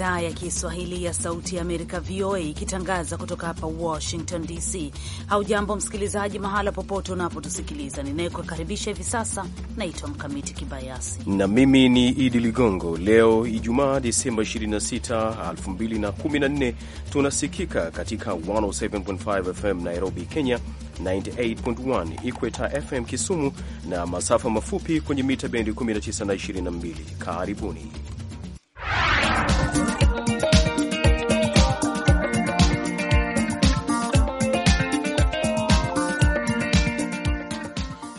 idhaa ya Kiswahili ya Sauti ya Amerika, VOA, ikitangaza kutoka hapa Washington DC. Haujambo msikilizaji, mahala popote unapotusikiliza. Ninayekukaribisha hivi sasa naitwa Mkamiti Kibayasi na mimi ni Idi Ligongo. Leo Ijumaa, Disemba 26, 2014, tunasikika katika 107.5 FM Nairobi, Kenya, 98.1 Ikweta FM Kisumu na masafa mafupi kwenye mita bendi 19 na 22. Karibuni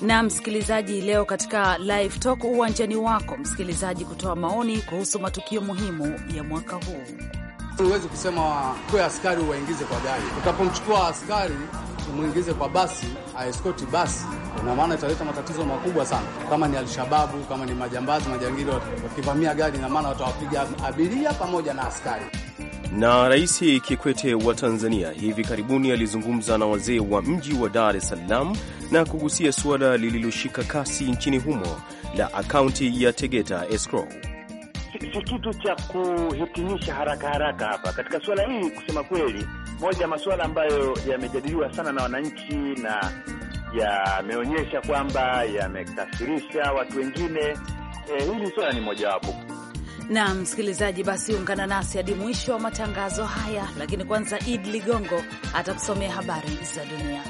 na msikilizaji, leo katika live talk uwanjani wako msikilizaji kutoa maoni kuhusu matukio muhimu ya mwaka huu. Huwezi kusema kwe askari uwaingize kwa gari, utapomchukua askari umwingize kwa basi, aeskoti basi na maana italeta matatizo makubwa sana, kama ni Alshababu, kama ni majambazi majangili wakivamia gari, na maana watawapiga abiria pamoja na askari. Na Rais Kikwete wa Tanzania hivi karibuni alizungumza na wazee wa mji wa Dar es Salaam na kugusia suala lililoshika kasi nchini humo la akaunti ya Tegeta Escrow. Si kitu cha kuhitimisha haraka haraka hapa katika suala hili. Kusema kweli, moja ya masuala ambayo yamejadiliwa sana na wananchi na yameonyesha kwamba yamekasirisha watu wengine. E, hili swala ni mojawapo. Na msikilizaji, basi ungana nasi hadi mwisho wa matangazo haya, lakini kwanza Idi Ligongo atakusomea habari za dunia.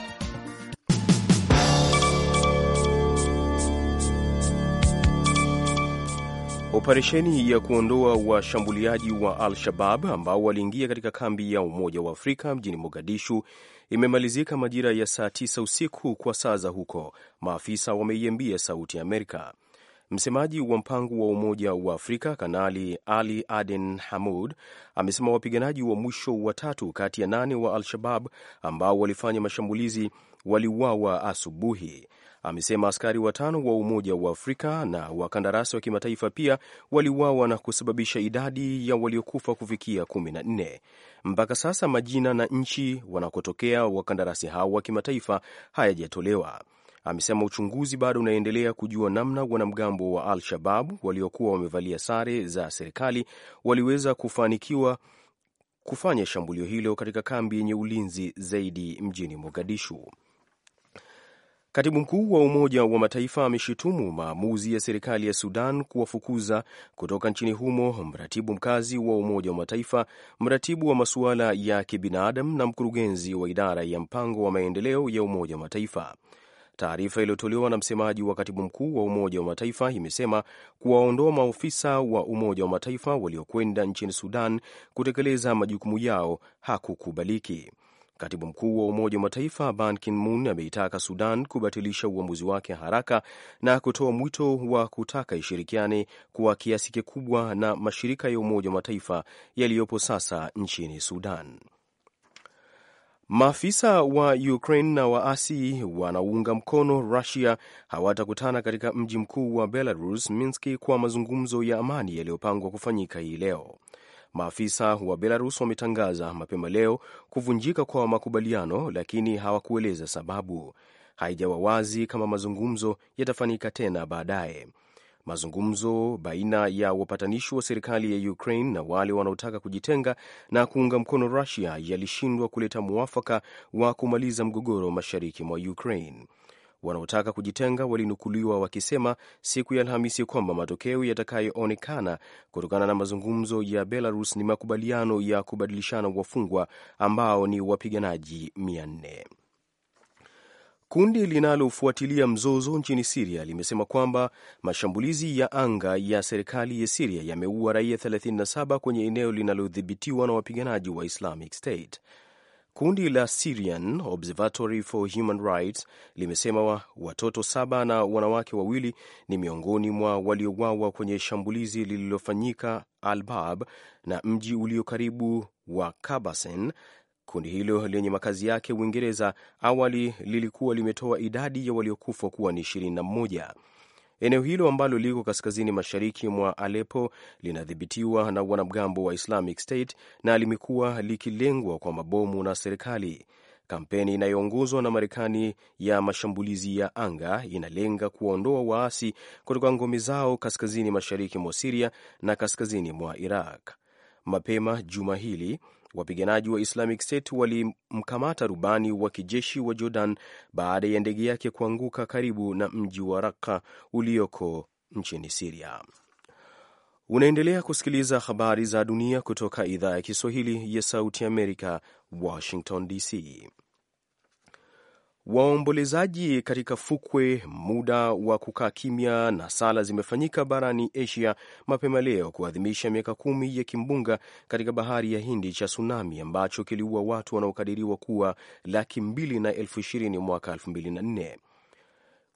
Operesheni ya kuondoa washambuliaji wa, wa Al-Shabab ambao waliingia katika kambi ya Umoja wa Afrika mjini Mogadishu imemalizika majira ya saa tisa usiku kwa saa za huko, maafisa wameiambia Sauti ya Amerika. Msemaji wa mpango wa Umoja wa Afrika Kanali Ali Aden Hamud amesema wapiganaji wa mwisho watatu kati ya nane wa Al-Shabab ambao walifanya mashambulizi waliuawa asubuhi amesema askari watano wa Umoja wa Afrika na wakandarasi wa kimataifa pia waliuawa na kusababisha idadi ya waliokufa kufikia kumi na nne. Mpaka sasa majina na nchi wanakotokea wakandarasi hao wa kimataifa hayajatolewa. Amesema uchunguzi bado unaendelea kujua namna wanamgambo wa Al-Shabab waliokuwa wamevalia sare za serikali waliweza kufanikiwa kufanya shambulio hilo katika kambi yenye ulinzi zaidi mjini Mogadishu. Katibu mkuu wa Umoja wa Mataifa ameshutumu maamuzi ya serikali ya Sudan kuwafukuza kutoka nchini humo mratibu mkazi wa Umoja wa Mataifa, mratibu wa masuala ya kibinadamu na mkurugenzi wa idara ya mpango wa maendeleo ya Umoja wa Mataifa. Taarifa iliyotolewa na msemaji wa katibu mkuu wa Umoja wa Mataifa imesema kuwaondoa maofisa wa Umoja wa Mataifa waliokwenda nchini Sudan kutekeleza majukumu yao hakukubaliki. Katibu mkuu wa Umoja wa Mataifa Ban Ki-moon ameitaka Sudan kubatilisha uamuzi wake haraka na kutoa mwito wa kutaka ishirikiane kwa kiasi kikubwa na mashirika ya Umoja wa Mataifa yaliyopo sasa nchini Sudan. Maafisa wa Ukraine na waasi wanaunga mkono Rusia hawatakutana katika mji mkuu wa Belarus, Minski, kwa mazungumzo ya amani yaliyopangwa kufanyika hii leo. Maafisa wa Belarus wametangaza mapema leo kuvunjika kwa makubaliano, lakini hawakueleza sababu. Haijawa wazi kama mazungumzo yatafanyika tena baadaye. Mazungumzo baina ya wapatanishi wa serikali ya Ukraine na wale wanaotaka kujitenga na kuunga mkono Rusia yalishindwa kuleta mwafaka wa kumaliza mgogoro mashariki mwa Ukraine wanaotaka kujitenga walinukuliwa wakisema siku ya Alhamisi kwamba matokeo yatakayoonekana kutokana na mazungumzo ya Belarus ni makubaliano ya kubadilishana wafungwa ambao ni wapiganaji mia nne. Kundi linalofuatilia mzozo nchini Siria limesema kwamba mashambulizi ya anga ya serikali ya Siria yameua raia 37 kwenye eneo linalodhibitiwa na wapiganaji wa Islamic State. Kundi la Syrian Observatory for Human Rights limesema watoto saba na wanawake wawili ni miongoni mwa waliowawa kwenye shambulizi lililofanyika albab na mji ulio karibu wa Kabasen. Kundi hilo lenye makazi yake Uingereza awali lilikuwa limetoa idadi ya waliokufa kuwa ni 21. Eneo hilo ambalo liko kaskazini mashariki mwa Alepo linadhibitiwa na wanamgambo wa Islamic State na limekuwa likilengwa kwa mabomu na serikali. Kampeni inayoongozwa na Marekani ya mashambulizi ya anga inalenga kuwaondoa waasi kutoka ngome zao kaskazini mashariki mwa Siria na kaskazini mwa Iraq. Mapema juma hili Wapiganaji wa Islamic State walimkamata rubani wa kijeshi wa Jordan baada ya ndege yake kuanguka karibu na mji wa raka ulioko nchini Siria. Unaendelea kusikiliza habari za dunia kutoka idhaa ya Kiswahili ya Sauti Amerika, Washington DC. Waombolezaji katika fukwe, muda wa kukaa kimya na sala zimefanyika barani Asia mapema leo kuadhimisha miaka kumi ya kimbunga katika bahari ya Hindi cha tsunami ambacho kiliua watu wanaokadiriwa kuwa laki mbili na elfu ishirini mwaka elfu mbili na nne.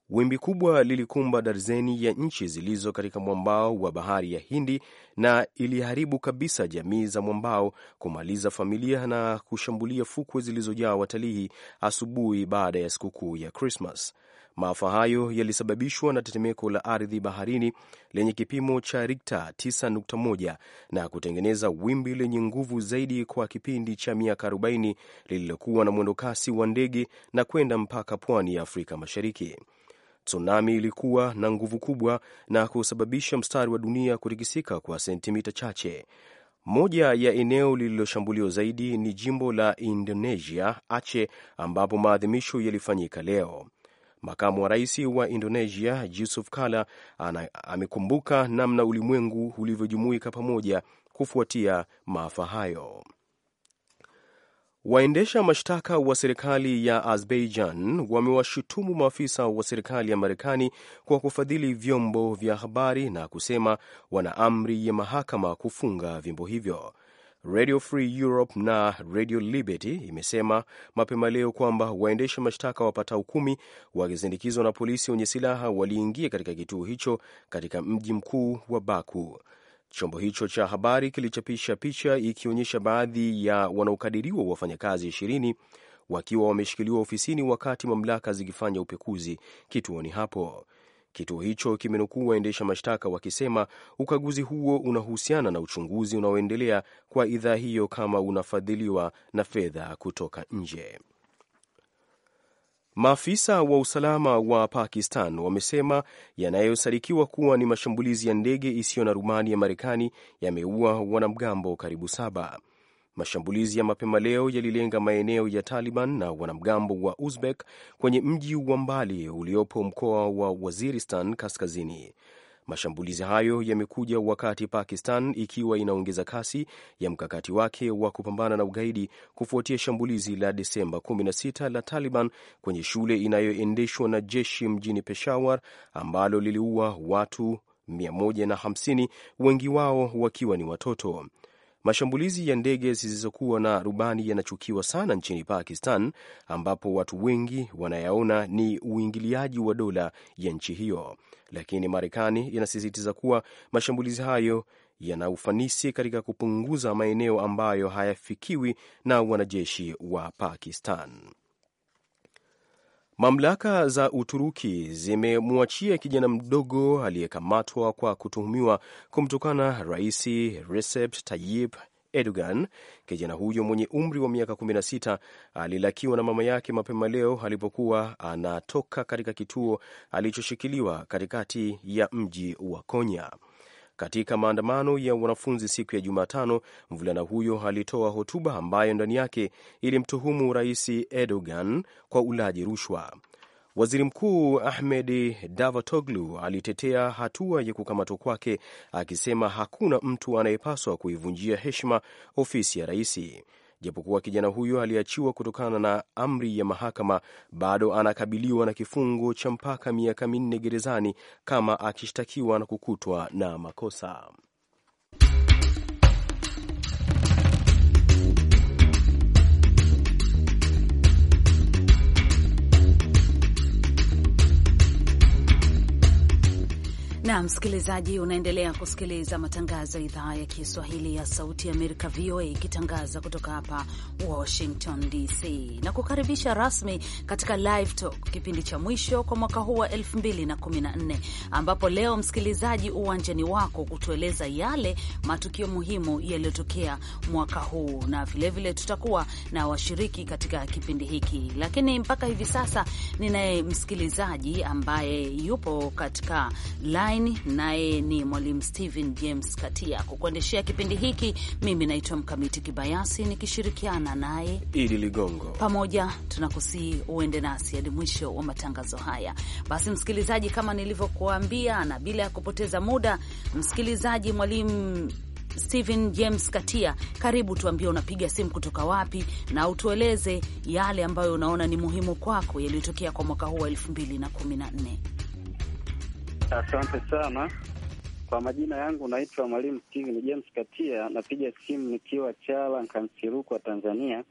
Wimbi kubwa lilikumba darzeni ya nchi zilizo katika mwambao wa bahari ya Hindi na iliharibu kabisa jamii za mwambao, kumaliza familia na kushambulia fukwe zilizojaa watalii asubuhi baada ya sikukuu ya Krismas. Maafa hayo yalisababishwa na tetemeko la ardhi baharini lenye kipimo cha Rikta 9.1 na kutengeneza wimbi lenye nguvu zaidi kwa kipindi cha miaka 40 lililokuwa na mwendokasi wa ndege na kwenda mpaka pwani ya Afrika Mashariki. Tsunami ilikuwa na nguvu kubwa na kusababisha mstari wa dunia kutikisika kwa sentimita chache. Moja ya eneo lililoshambuliwa zaidi ni jimbo la Indonesia Aceh, ambapo maadhimisho yalifanyika leo. Makamu wa rais wa Indonesia Yusuf Kala amekumbuka namna ulimwengu ulivyojumuika pamoja kufuatia maafa hayo. Waendesha mashtaka wa serikali ya Azerbaijan wamewashutumu maafisa wa serikali ya Marekani kwa kufadhili vyombo vya habari na kusema wana amri ya mahakama kufunga vyombo hivyo. Radio Free Europe na Radio Liberty imesema mapema leo kwamba waendesha mashtaka wapatao kumi wakisindikizwa na polisi wenye silaha waliingia katika kituo hicho katika mji mkuu wa Baku. Chombo hicho cha habari kilichapisha picha ikionyesha baadhi ya wanaokadiriwa wafanyakazi ishirini wakiwa wameshikiliwa ofisini wakati mamlaka zikifanya upekuzi kituoni hapo. Kituo hicho kimenukuu waendesha mashtaka wakisema ukaguzi huo unahusiana na uchunguzi unaoendelea kwa idhaa hiyo kama unafadhiliwa na fedha kutoka nje. Maafisa wa usalama wa Pakistan wamesema yanayosadikiwa kuwa ni mashambulizi ya ndege isiyo na rumani ya Marekani yameua wanamgambo karibu saba. Mashambulizi ya mapema leo yalilenga maeneo ya Taliban na wanamgambo wa Uzbek kwenye mji wa mbali uliopo mkoa wa Waziristan Kaskazini. Mashambulizi hayo yamekuja wakati Pakistan ikiwa inaongeza kasi ya mkakati wake wa kupambana na ugaidi kufuatia shambulizi la Desemba 16 la Taliban kwenye shule inayoendeshwa na jeshi mjini Peshawar ambalo liliua watu 150 wengi wao wakiwa ni watoto. Mashambulizi ya ndege zisizokuwa na rubani yanachukiwa sana nchini Pakistan, ambapo watu wengi wanayaona ni uingiliaji wa dola ya nchi hiyo, lakini Marekani inasisitiza kuwa mashambulizi hayo yana ufanisi katika kupunguza maeneo ambayo hayafikiwi na wanajeshi wa Pakistan. Mamlaka za Uturuki zimemwachia kijana mdogo aliyekamatwa kwa kutuhumiwa kumtukana Rais Recep Tayyip Erdogan. Kijana huyo mwenye umri wa miaka 16 alilakiwa na mama yake mapema leo alipokuwa anatoka katika kituo alichoshikiliwa katikati ya mji wa Konya. Katika maandamano ya wanafunzi siku ya Jumatano, mvulana huyo alitoa hotuba ambayo ndani yake ilimtuhumu Rais Erdogan kwa ulaji rushwa. Waziri Mkuu Ahmed davatoglu alitetea hatua ya kukamatwa kwake akisema hakuna mtu anayepaswa kuivunjia heshima ofisi ya raisi. Japokuwa kijana huyo aliachiwa kutokana na amri ya mahakama, bado anakabiliwa na kifungo cha mpaka miaka minne gerezani kama akishtakiwa na kukutwa na makosa. na msikilizaji, unaendelea kusikiliza matangazo ya idhaa ya Kiswahili ya Sauti ya Amerika, VOA, ikitangaza kutoka hapa Washington DC na kukaribisha rasmi katika Live Talk, kipindi cha mwisho kwa mwaka huu wa 2014 ambapo leo, msikilizaji, uwanjani wako kutueleza yale matukio muhimu yaliyotokea mwaka huu, na vilevile tutakuwa na washiriki katika kipindi hiki. Lakini mpaka hivi sasa ninaye msikilizaji ambaye yupo katika live online, naye ni mwalimu Stephen James Katia. Kukuendeshea kipindi hiki mimi naitwa Mkamiti Kibayasi nikishirikiana naye Idi Ligongo. Pamoja tunakusii uende nasi hadi mwisho wa matangazo haya. Basi msikilizaji, kama nilivyokuambia, na bila ya kupoteza muda, msikilizaji, mwalimu Stephen James Katia, karibu. Tuambie unapiga simu kutoka wapi, na utueleze yale ambayo unaona ni muhimu kwako yaliyotokea kwa mwaka huu wa 214 Asante sana. Kwa majina yangu naitwa Mwalimu Steven James Katia, napiga simu nikiwa Chala wa Tanzania.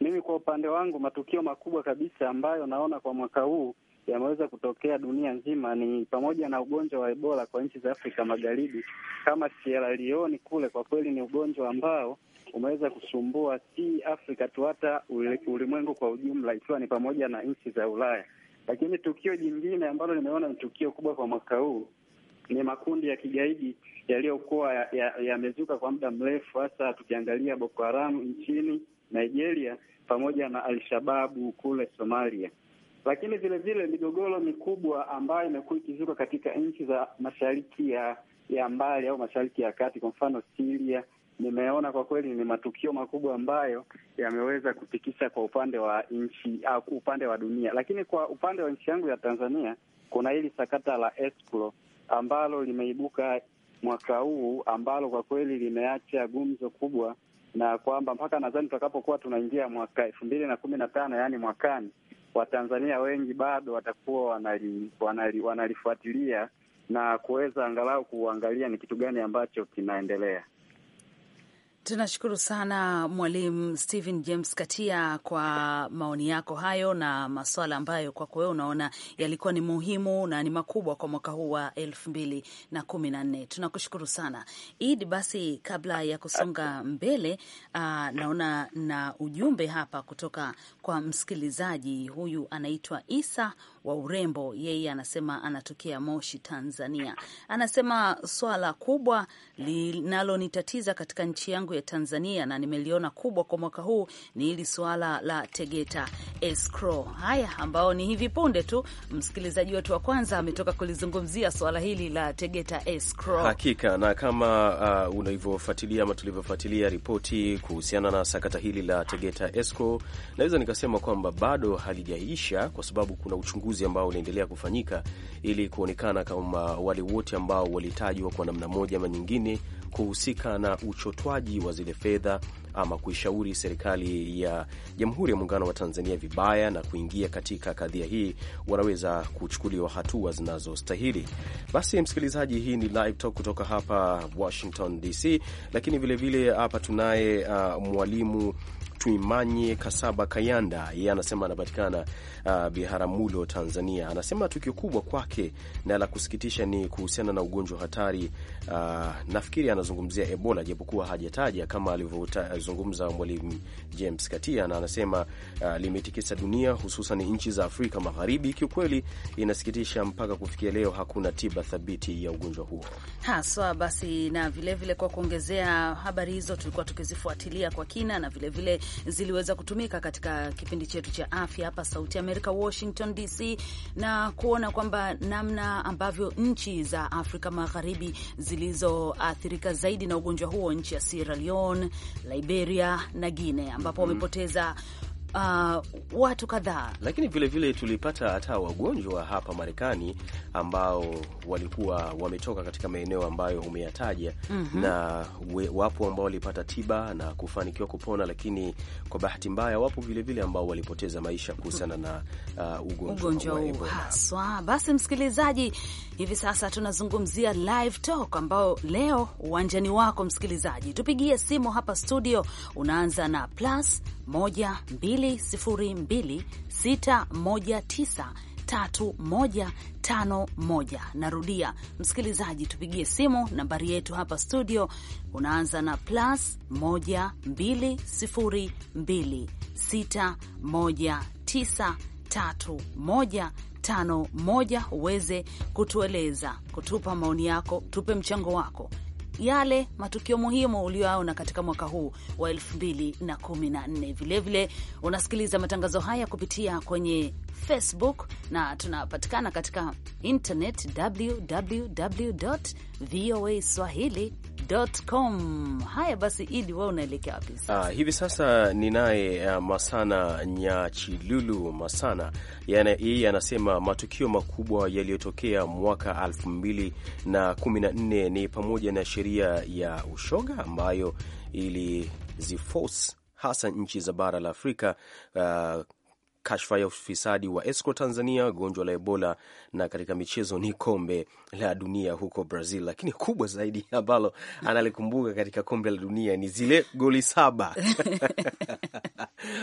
Mimi kwa upande wangu, matukio makubwa kabisa ambayo naona kwa mwaka huu yameweza kutokea dunia nzima ni pamoja na ugonjwa wa Ebola kwa nchi za Afrika Magharibi kama Sierra Leone kule. Kwa kweli ni ugonjwa ambao umeweza kusumbua si Afrika tu, hata ulimwengu kwa ujumla, ikiwa ni pamoja na nchi za Ulaya. Lakini tukio jingine ambalo nimeona ni tukio kubwa kwa mwaka huu ni makundi ya kigaidi yaliyokuwa yamezuka ya, ya kwa muda mrefu, hasa tukiangalia Boko Haramu nchini Nigeria pamoja na Alshababu kule Somalia, lakini vilevile migogoro mikubwa ambayo imekuwa ikizuka katika nchi za mashariki ya ya mbali au mashariki ya kati, kwa mfano siria nimeona kwa kweli ni matukio makubwa ambayo yameweza kutikisa kwa upande wa nchi au upande wa dunia, lakini kwa upande wa nchi yangu ya Tanzania kuna hili sakata la Escrow ambalo limeibuka mwaka huu ambalo kwa kweli limeacha gumzo kubwa, na kwamba mpaka nadhani tutakapokuwa tunaingia mwaka elfu mbili na kumi na tano yaani mwakani, Watanzania wengi bado watakuwa wanali, wanali, wanalifuatilia na kuweza angalau kuangalia ni kitu gani ambacho kinaendelea. Tunashukuru sana Mwalimu Stephen James Katia kwa maoni yako hayo na maswala ambayo kwako wewe unaona yalikuwa ni muhimu na ni makubwa kwa mwaka huu wa elfu mbili na kumi na nne. Tunakushukuru sana id Basi kabla ya kusonga mbele, aa, ah, naona na ujumbe hapa kutoka kwa msikilizaji huyu, anaitwa Isa wa Urembo. Yeye anasema anatokea Moshi, Tanzania. Anasema swala kubwa linalonitatiza katika nchi yangu ya Tanzania na nimeliona kubwa kwa mwaka huu ni hili suala la Tegeta escrow. Haya, ambao ni hivi punde tu msikilizaji wetu wa kwanza ametoka kulizungumzia suala hili la Tegeta escrow. Hakika, na kama uh, unavyofuatilia ama tulivyofuatilia ripoti kuhusiana na sakata hili la Tegeta escrow, naweza nikasema kwamba bado halijaisha kwa sababu kuna uchunguzi ambao unaendelea kufanyika ili kuonekana kama wale wote ambao walitajwa kwa namna moja ama nyingine kuhusika na uchotwaji wa zile fedha ama kuishauri serikali ya Jamhuri ya Muungano wa Tanzania vibaya na kuingia katika kadhia hii, wanaweza kuchukuliwa hatua zinazostahili. Basi msikilizaji, hii ni Live Talk kutoka hapa Washington DC, lakini vilevile hapa tunaye uh, mwalimu Tuimanye Kasaba Kayanda, yeye anasema anapatikana uh, Biharamulo, Tanzania. Anasema tukio kubwa kwake na la kusikitisha ni kuhusiana na ugonjwa hatari. Uh, nafikiri anazungumzia Ebola japokuwa hajataja kama alivyozungumza Mwalimu James Katia, na anasema uh, limetikisa dunia hususan nchi za Afrika Magharibi. Kiukweli inasikitisha, mpaka kufikia leo hakuna tiba thabiti ya ugonjwa huo haswa. Basi na vilevile vile, kwa kuongezea habari hizo tulikuwa tukizifuatilia kwa kina na vilevile vile ziliweza kutumika katika kipindi chetu cha afya hapa Sauti Amerika, Washington DC, na kuona kwamba namna ambavyo nchi za Afrika Magharibi zilizoathirika zaidi na ugonjwa huo, nchi ya Sierra Leone, Liberia na Guinea ambapo mm. wamepoteza mm -hmm uh, watu kadhaa, lakini vilevile vile tulipata hata wagonjwa hapa Marekani ambao walikuwa wametoka katika maeneo ambayo umeyataja mm -hmm. na we, wapo ambao walipata tiba na kufanikiwa kupona, lakini kwa bahati mbaya wapo vilevile vile ambao walipoteza maisha kuhusiana na uh, ugonjwa huu haswa. Basi msikilizaji, hivi sasa tunazungumzia live talk ambao leo uwanjani wako msikilizaji, tupigie simu hapa studio, unaanza na plus moja mbili 202619 Narudia msikilizaji, tupigie simu nambari yetu hapa studio, unaanza na plus 12026193151 uweze kutueleza, kutupa maoni yako, tupe mchango wako yale matukio muhimu uliyoaona katika mwaka huu wa 2014. Vilevile unasikiliza matangazo haya kupitia kwenye Facebook na tunapatikana katika internet www voa swahili gmail.com. Haya basi, Idi, wewe unaelekea wapi sasa? Ah, hivi sasa ninaye uh, Masana Nyachilulu Masana, yeye anasema matukio makubwa yaliyotokea mwaka 2014 ni pamoja na sheria ya ushoga ambayo iliziforce hasa nchi za bara la Afrika uh, kashfa ya ufisadi wa Esco Tanzania, gonjwa la Ebola na katika michezo ni kombe la dunia huko Brazil, lakini kubwa zaidi ambalo analikumbuka katika kombe la dunia ni zile goli saba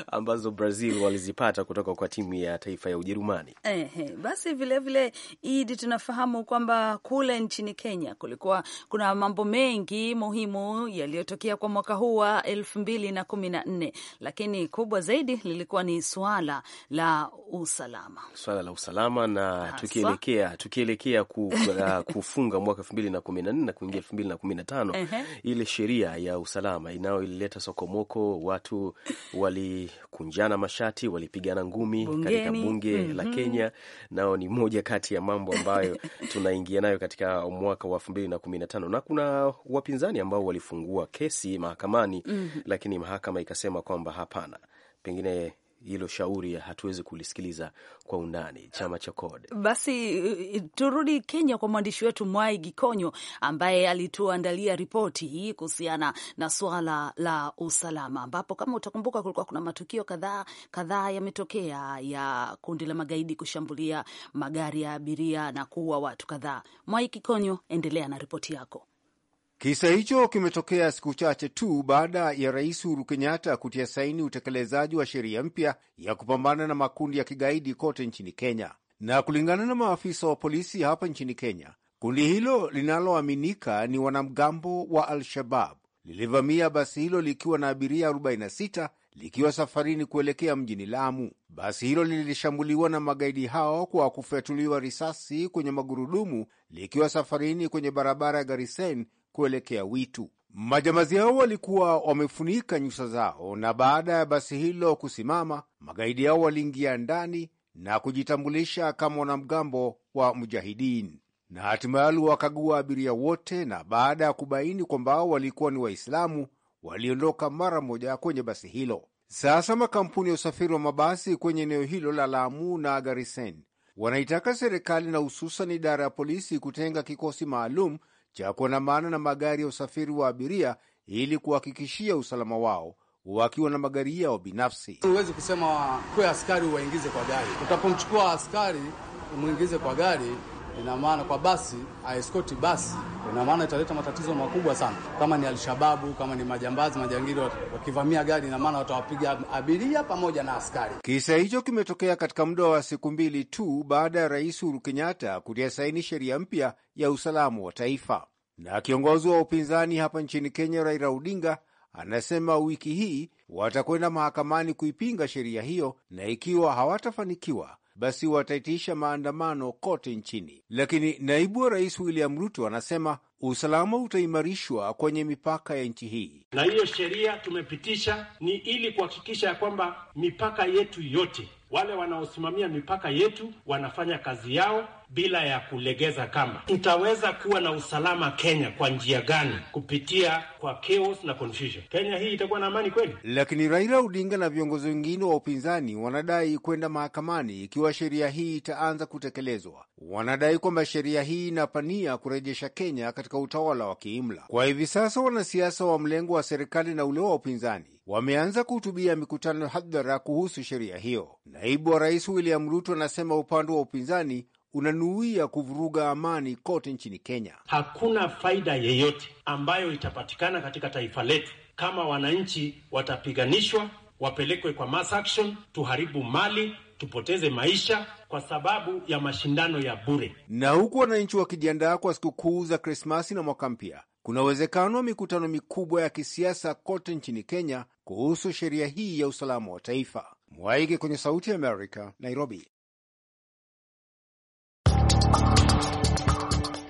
ambazo Brazil walizipata kutoka kwa timu ya taifa ya Ujerumani. Ehe, basi vilevile vile, tunafahamu kwamba kule nchini Kenya kulikuwa kuna mambo mengi muhimu yaliyotokea kwa mwaka huu wa elfu mbili na kumi na nne, lakini kubwa zaidi lilikuwa ni swala la usalama, swala la usalama na tukielekea tukielekea ku katika kufunga mwaka elfu mbili na kumi na nne na kuingia elfu mbili na kumi na tano ile sheria ya usalama inayoleta sokomoko, watu walikunjana mashati, walipigana ngumi Bungeni, katika bunge mm -hmm. la mhm. Kenya. Nao ni moja kati ya mambo ambayo tunaingia nayo katika mwaka wa elfu mbili na kumi na tano na kuna wapinzani ambao walifungua kesi mahakamani mm -hmm. lakini mahakama ikasema kwamba hapana, pengine hilo shauri hatuwezi kulisikiliza kwa undani chama cha CORD. Basi eh, turudi Kenya kwa mwandishi wetu Mwai Gikonyo ambaye alituandalia ripoti hii kuhusiana na suala la usalama, ambapo kama utakumbuka kulikuwa kuna matukio kadhaa kadhaa yametokea ya kundi la magaidi kushambulia magari ya abiria na kuua watu kadhaa. Mwai Gikonyo, endelea na ripoti yako. Kisa hicho kimetokea siku chache tu baada ya Rais Uhuru Kenyatta kutia saini utekelezaji wa sheria mpya ya kupambana na makundi ya kigaidi kote nchini Kenya. Na kulingana na maafisa wa polisi hapa nchini Kenya, kundi hilo linaloaminika ni wanamgambo wa Al-Shabab lilivamia basi hilo likiwa na abiria 46 likiwa safarini kuelekea mjini Lamu. Basi hilo lilishambuliwa na magaidi hao kwa kufyatuliwa risasi kwenye magurudumu likiwa safarini kwenye barabara ya Garisen kuelekea Witu. Majambazi hao walikuwa wamefunika nyuso zao, na baada ya basi hilo kusimama, magaidi hao waliingia ndani na kujitambulisha kama wanamgambo wa Mujahidin na hatimaye wakagua abiria wote, na baada ya kubaini kwamba walikuwa ni Waislamu waliondoka mara moja kwenye basi hilo. Sasa makampuni ya usafiri wa mabasi kwenye eneo hilo la Lamu na Garisen wanaitaka serikali na hususan idara ya polisi kutenga kikosi maalum cha kuandamana na magari ya usafiri wa abiria ili kuhakikishia usalama wao wakiwa na magari yao binafsi. Huwezi kusema kuwe askari uwaingize kwa gari, utapomchukua askari umwingize kwa gari ina maana kwa basi aeskoti basi, ina maana italeta matatizo makubwa sana. Kama ni Alshababu, kama ni majambazi, majangili wakivamia gari, ina maana watawapiga abiria pamoja na askari. Kisa hicho kimetokea katika muda wa siku mbili tu baada ya Rais Uhuru Kenyatta kutia saini sheria mpya ya usalama wa taifa. Na kiongozi wa upinzani hapa nchini Kenya Raila Odinga anasema wiki hii watakwenda mahakamani kuipinga sheria hiyo, na ikiwa hawatafanikiwa basi wataitisha maandamano kote nchini. Lakini naibu wa rais William Ruto anasema usalama utaimarishwa kwenye mipaka ya nchi hii, na hiyo sheria tumepitisha ni ili kuhakikisha ya kwamba mipaka yetu yote, wale wanaosimamia mipaka yetu wanafanya kazi yao bila ya kulegeza kamba. Tutaweza kuwa na usalama Kenya kwa njia gani? Kupitia kwa chaos na confusion. Kenya hii itakuwa na amani kweli? Lakini Raila Odinga na viongozi wengine wa upinzani wanadai kwenda mahakamani ikiwa sheria hii itaanza kutekelezwa. Wanadai kwamba sheria hii inapania kurejesha Kenya katika utawala wa kiimla. Kwa hivi sasa, wanasiasa wa mlengo wa serikali na ule wa upinzani wameanza kuhutubia mikutano hadhara kuhusu sheria hiyo. Naibu wa rais William Ruto anasema upande wa upinzani unanuia kuvuruga amani kote nchini Kenya. Hakuna faida yeyote ambayo itapatikana katika taifa letu kama wananchi watapiganishwa, wapelekwe kwa mass action, tuharibu mali, tupoteze maisha kwa sababu ya mashindano ya bure. Na huku wananchi wakijiandaa kwa sikukuu za Krismasi na mwaka mpya, kuna uwezekano wa mikutano mikubwa ya kisiasa kote nchini Kenya kuhusu sheria hii ya usalama wa taifa. Mwaige kwenye Sauti ya Amerika, Nairobi.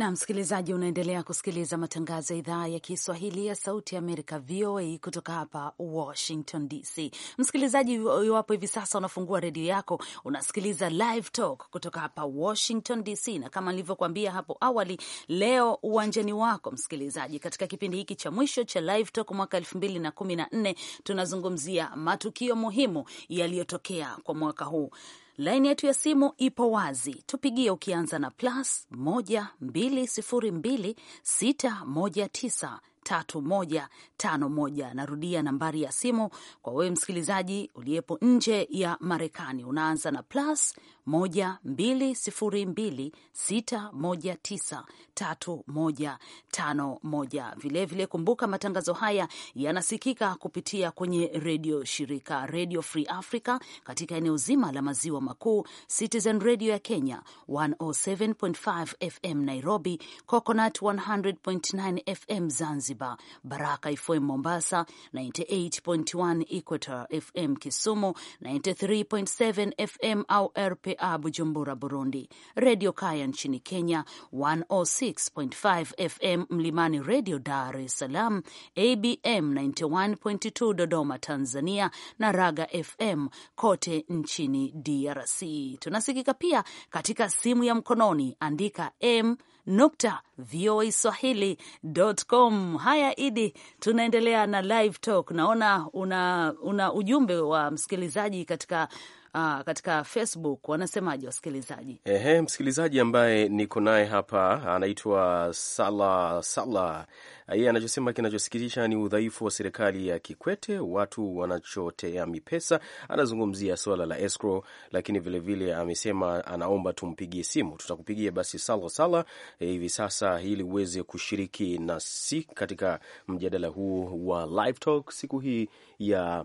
na msikilizaji, unaendelea kusikiliza matangazo ya idhaa ya Kiswahili ya Sauti ya Amerika, VOA, kutoka hapa Washington DC. Msikilizaji, iwapo hivi sasa unafungua redio yako, unasikiliza Live Talk kutoka hapa Washington DC, na kama nilivyokuambia hapo awali, leo uwanjani wako msikilizaji, katika kipindi hiki cha mwisho cha Live Talk mwaka elfu mbili na kumi na nne tunazungumzia matukio muhimu yaliyotokea kwa mwaka huu. Laini yetu ya simu ipo wazi, tupigie ukianza na plus 1 202 619 3151. Narudia nambari ya simu kwa wewe msikilizaji uliyepo nje ya Marekani, unaanza na plus 12026193151. Vilevile kumbuka matangazo haya yanasikika kupitia kwenye redio shirika Radio Free Africa katika eneo zima la maziwa makuu, Citizen Radio ya Kenya 107.5 FM Nairobi, Coconut 100.9 FM Zanzibar, Zanzibar, Baraka FM Mombasa 98.1, Equator FM Kisumu 93.7 FM au RPA Bujumbura, Burundi, Redio Kaya nchini Kenya 106.5 FM, Mlimani Redio Dar es Salaam, ABM 91.2 Dodoma, Tanzania na Raga FM kote nchini DRC. Tunasikika pia katika simu ya mkononi, andika m nukta voa swahili.com. Haya, Idi, tunaendelea na live talk. Naona una, una ujumbe wa msikilizaji katika uh, katika Facebook wanasemaje wasikilizaji? Ehe, msikilizaji ambaye niko naye hapa anaitwa Sala Sala, yeye anachosema kinachosikitisha ni udhaifu wa serikali ya Kikwete, watu wanachotea mipesa. Anazungumzia swala la escrow, lakini vilevile vile amesema anaomba tumpigie simu. Tutakupigia basi Sala Sala eh, hivi sasa ili uweze kushiriki na si katika mjadala huu wa live talk siku hii ya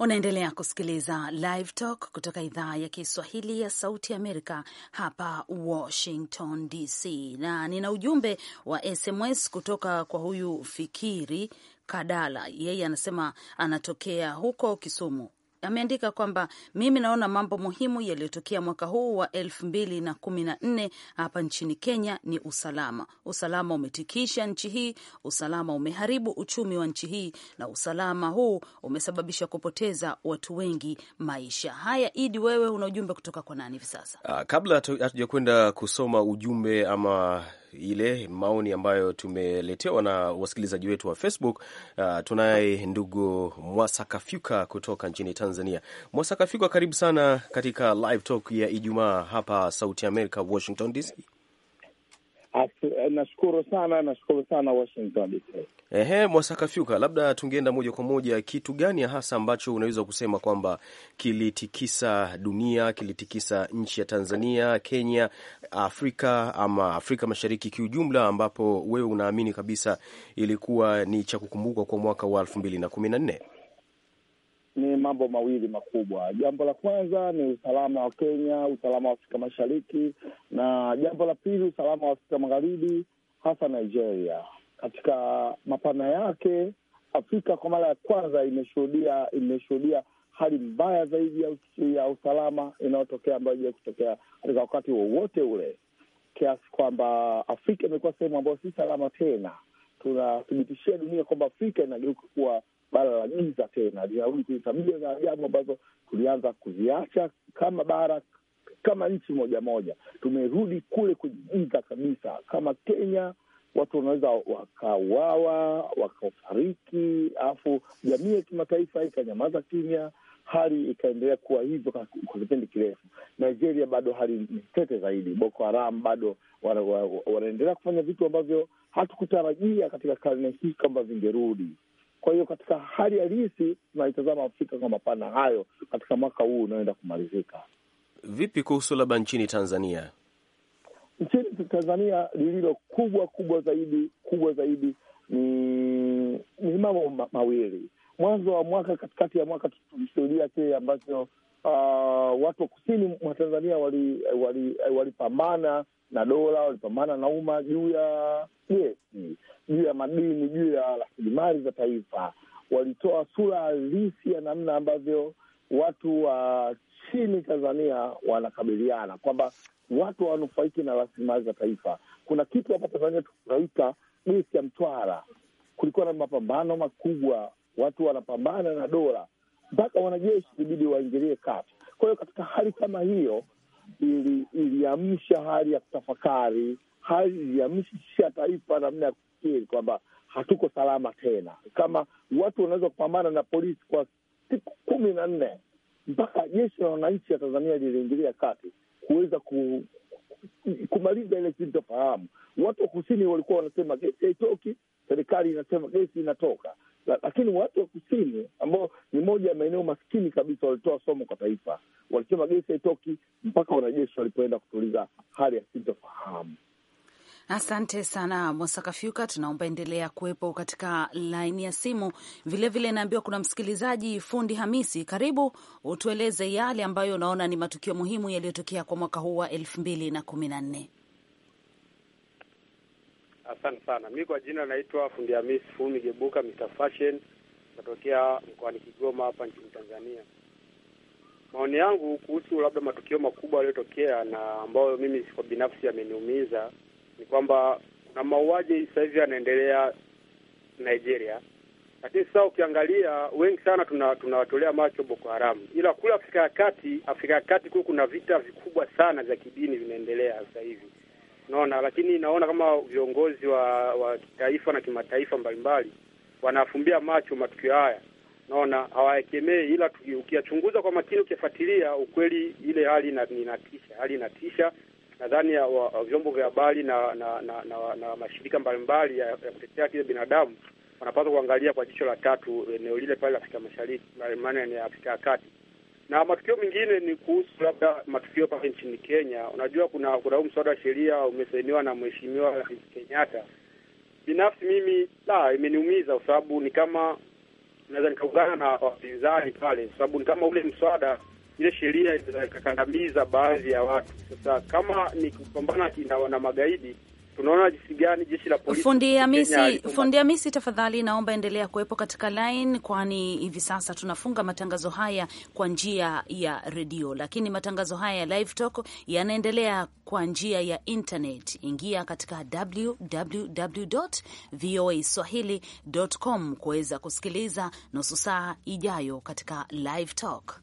Unaendelea kusikiliza Live Talk kutoka idhaa ya Kiswahili ya Sauti Amerika hapa Washington DC, na nina ujumbe wa SMS kutoka kwa huyu Fikiri Kadala. Yeye anasema anatokea huko Kisumu ameandika kwamba mimi naona mambo muhimu yaliyotokea mwaka huu wa elfu mbili na kumi na nne hapa nchini Kenya ni usalama. Usalama umetikisha nchi hii, usalama umeharibu uchumi wa nchi hii, na usalama huu umesababisha kupoteza watu wengi maisha. Haya, Idi, wewe una ujumbe kutoka kwa nani hivi sasa? Ah, kabla hatuja kwenda kusoma ujumbe ama ile maoni ambayo tumeletewa na wasikilizaji wetu wa Facebook. Uh, tunaye ndugu Mwasakafyuka kutoka nchini Tanzania. Mwasakafyuka, karibu sana katika live talk ya Ijumaa hapa Sauti America, Washington DC. Eh, nashukuru sana, nashukuru sana Washington DC. Ehe, Mwasaka Fyuka, labda tungeenda moja kwa moja, kitu gani hasa ambacho unaweza kusema kwamba kilitikisa dunia, kilitikisa nchi ya Tanzania, Kenya, Afrika ama Afrika Mashariki kiujumla, ambapo wewe unaamini kabisa ilikuwa ni cha kukumbukwa kwa mwaka wa elfu mbili na kumi na nne? ni mambo mawili makubwa. Jambo la kwanza ni usalama wa Kenya, usalama wa Afrika Mashariki, na jambo la pili usalama wa Afrika Magharibi, hasa Nigeria. Katika mapana yake, Afrika kwa mara ya kwanza imeshuhudia imeshuhudia hali mbaya zaidi ya, ya usalama inayotokea ambayo ija kutokea katika wakati wowote ule, kiasi kwamba Afrika imekuwa sehemu ambayo si salama tena. Tunathibitishia dunia kwamba Afrika inageuka kuwa bara la giza tena, linarudi kwenye tabia za ajabu ambazo tulianza kuziacha kama bara, kama nchi moja moja. Tumerudi kule kwenye giza kabisa. Kama Kenya, watu wanaweza wakauawa, wakafariki, alafu jamii ya kimataifa ikanyamaza kimya hali ikaendelea kuwa hivyo kwa kipindi kirefu. Nigeria bado hali ni tete zaidi. Boko Haram bado wanaendelea kufanya vitu ambavyo hatukutarajia katika karne hii kwamba vingerudi. Kwa hiyo katika hali halisi tunaitazama Afrika kwa mapana hayo katika mwaka huu unaoenda kumalizika. Vipi kuhusu labda nchini Tanzania? Nchini Tanzania lililo kubwa kubwa zaidi kubwa zaidi ni ni mambo mawili. Mwanzo wa mwaka, katikati ya mwaka, tulishuhudia kile ambacho uh, watu wa kusini mwa Tanzania walipambana wali, wali na dola walipambana na umma juu ya gesi, juu ya madini, juu ya rasilimali za taifa. Walitoa sura halisi ya namna ambavyo watu wa chini Tanzania wanakabiliana kwamba watu wanufaiki na rasilimali za taifa. Kuna kitu hapa Tanzania tunaita gesi ya mtwara. Kulikuwa na mapambano makubwa, watu wanapambana na dola mpaka wanajeshi ibidi waingilie kati. Kwa hiyo katika hali kama hiyo iliamsha ili hali ya kutafakari, hali iliamsha taifa namna ya kufikiri kwamba hatuko salama tena. Kama watu wanaweza kupambana na polisi kwa siku kumi na nne mpaka jeshi la wananchi ya Tanzania liliingilia kati kuweza ku, kumaliza ile sintofahamu. Watu wa kusini walikuwa wanasema gesi haitoki, serikali inasema gesi inatoka lakini watu wa kusini ambao ni moja ya maeneo maskini kabisa walitoa somo kwa taifa, walisema gesi haitoki mpaka wanajeshi walipoenda kutuliza hali ya sintofahamu. Asante sana Mwasaka Fyuka, tunaomba endelea kuwepo katika laini ya simu. Vilevile naambiwa kuna msikilizaji Fundi Hamisi, karibu utueleze yale ambayo unaona ni matukio muhimu yaliyotokea kwa mwaka huu wa elfu mbili na kumi na nne. Asante sana. Mi kwa jina naitwa Fundi Hamis Fumi Gebuka, Mr Fashion, natokea mkoani Kigoma hapa nchini Tanzania. Maoni yangu kuhusu labda matukio makubwa yaliyotokea na ambayo mimi kwa binafsi yameniumiza ni kwamba kuna mauaji sasa hivi yanaendelea Nigeria, lakini sasa ukiangalia wengi sana tunawatolea tuna macho Boko Haramu, ila kule Afrika ya Kati, Afrika ya Kati kule kuna vita vikubwa sana vya kidini vinaendelea sasa hivi naona Lakini naona kama viongozi wa wa kitaifa na kimataifa mbalimbali wanafumbia macho matukio haya, naona hawaekemei, ila ukiyachunguza kwa makini, ukifuatilia ukweli, ile hali inatisha, hali inatisha. Nadhani vyombo vya habari na na, na, na na mashirika mbalimbali ya, ya kutetea haki za binadamu wanapaswa kuangalia kwa jicho la tatu eneo lile pale Afrika Mashariki, maana ni Afrika ya Kati na matukio mengine ni kuhusu labda matukio pale nchini Kenya. Unajua kuna kuna huu mswada wa sheria umesainiwa na mheshimiwa Rais Kenyatta. Binafsi mimi la, imeniumiza kwa sababu ni kama naweza nikaungana na wapinzani pale, kwa sababu ni kama ule mswada, ile sheria ikakandamiza baadhi ya watu. Sasa kama ni kupambana na magaidi tunaona jinsi gani jeshi la polisi. Fundi Hamisi, Fundi Hamisi, tafadhali naomba endelea kuwepo katika line, kwani hivi sasa tunafunga matangazo haya kwa njia ya redio, lakini matangazo haya ya live talk yanaendelea kwa njia ya internet. Ingia katika www.voaswahili.com kuweza kusikiliza nusu saa ijayo katika live talk.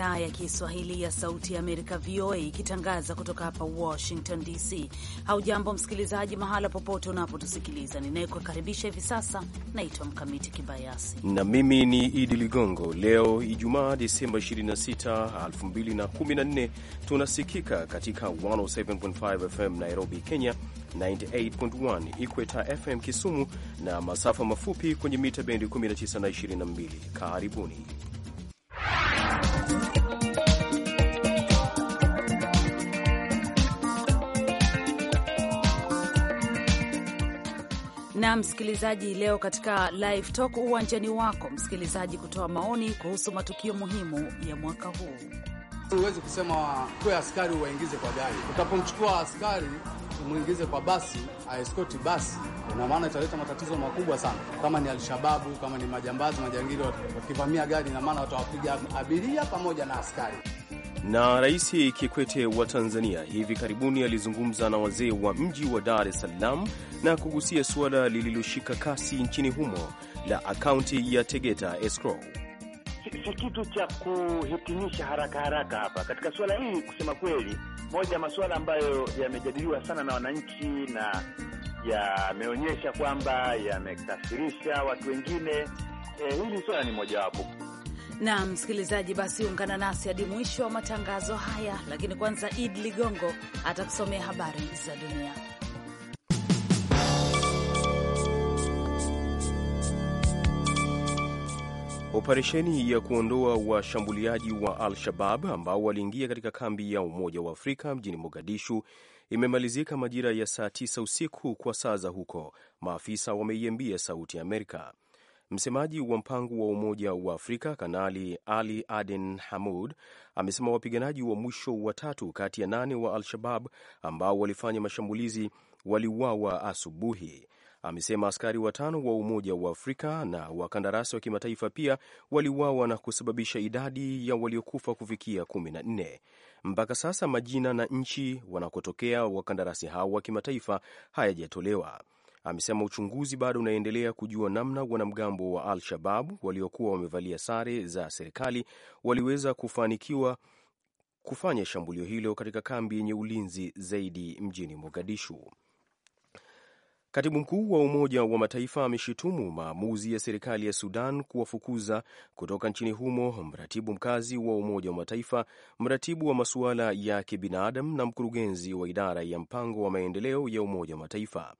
idhaa ya Kiswahili ya Sauti ya Amerika, VOA, ikitangaza kutoka hapa Washington DC. Haujambo msikilizaji, mahala popote unapotusikiliza. Ninayekukaribisha hivi sasa naitwa Mkamiti Kibayasi na mimi ni Idi Ligongo. Leo Ijumaa, disemba 26, 2014, tunasikika katika 107.5 FM Nairobi, Kenya, 98.1 Ikweta FM Kisumu na masafa mafupi kwenye mita bendi 19 na 22. Karibuni na msikilizaji, leo katika live talk uwanjani wako msikilizaji kutoa maoni kuhusu matukio muhimu ya mwaka huu. Huwezi kusema kuwe askari uwaingize kwa gari, utapomchukua askari muingize kwa basi, aeskoti basi, na maana italeta matatizo makubwa sana. Kama ni Alshababu, kama ni majambazi, majangili wakivamia gari, na maana watawapiga abiria pamoja na askari. Na Rais Kikwete wa Tanzania hivi karibuni alizungumza na wazee wa mji wa Dar es Salaam na kugusia suala lililoshika kasi nchini humo la akaunti ya Tegeta Escrow si, kitu cha kuhitimisha haraka haraka hapa katika suala hili. Kusema kweli, moja ya masuala ambayo yamejadiliwa sana na wananchi na yameonyesha kwamba yamekasirisha watu wengine, e, hili suala ni mojawapo. Na msikilizaji, basi ungana nasi hadi mwisho wa matangazo haya, lakini kwanza Idi Ligongo atakusomea habari za dunia. Operesheni ya kuondoa washambuliaji wa, wa Al-Shabab ambao waliingia katika kambi ya Umoja wa Afrika mjini Mogadishu imemalizika majira ya saa tisa usiku kwa saa za huko, maafisa wameiambia Sauti ya Amerika. Msemaji wa mpango wa Umoja wa Afrika Kanali Ali Aden Hamud amesema wapiganaji wa mwisho watatu kati ya nane wa Al-Shabab ambao walifanya mashambulizi waliuawa asubuhi amesema askari watano wa Umoja wa Afrika na wakandarasi wa kimataifa pia waliuawa na kusababisha idadi ya waliokufa kufikia kumi na nne. Mpaka sasa majina na nchi wanakotokea wakandarasi hao wa kimataifa hayajatolewa. Amesema uchunguzi bado unaendelea kujua namna wanamgambo wa Al-Shabab waliokuwa wamevalia sare za serikali waliweza kufanikiwa kufanya shambulio hilo katika kambi yenye ulinzi zaidi mjini Mogadishu. Katibu mkuu wa Umoja wa Mataifa ameshutumu maamuzi ya serikali ya Sudan kuwafukuza kutoka nchini humo mratibu mkazi wa Umoja wa Mataifa, mratibu wa masuala ya kibinadamu na mkurugenzi wa idara ya mpango wa maendeleo ya Umoja wa Mataifa.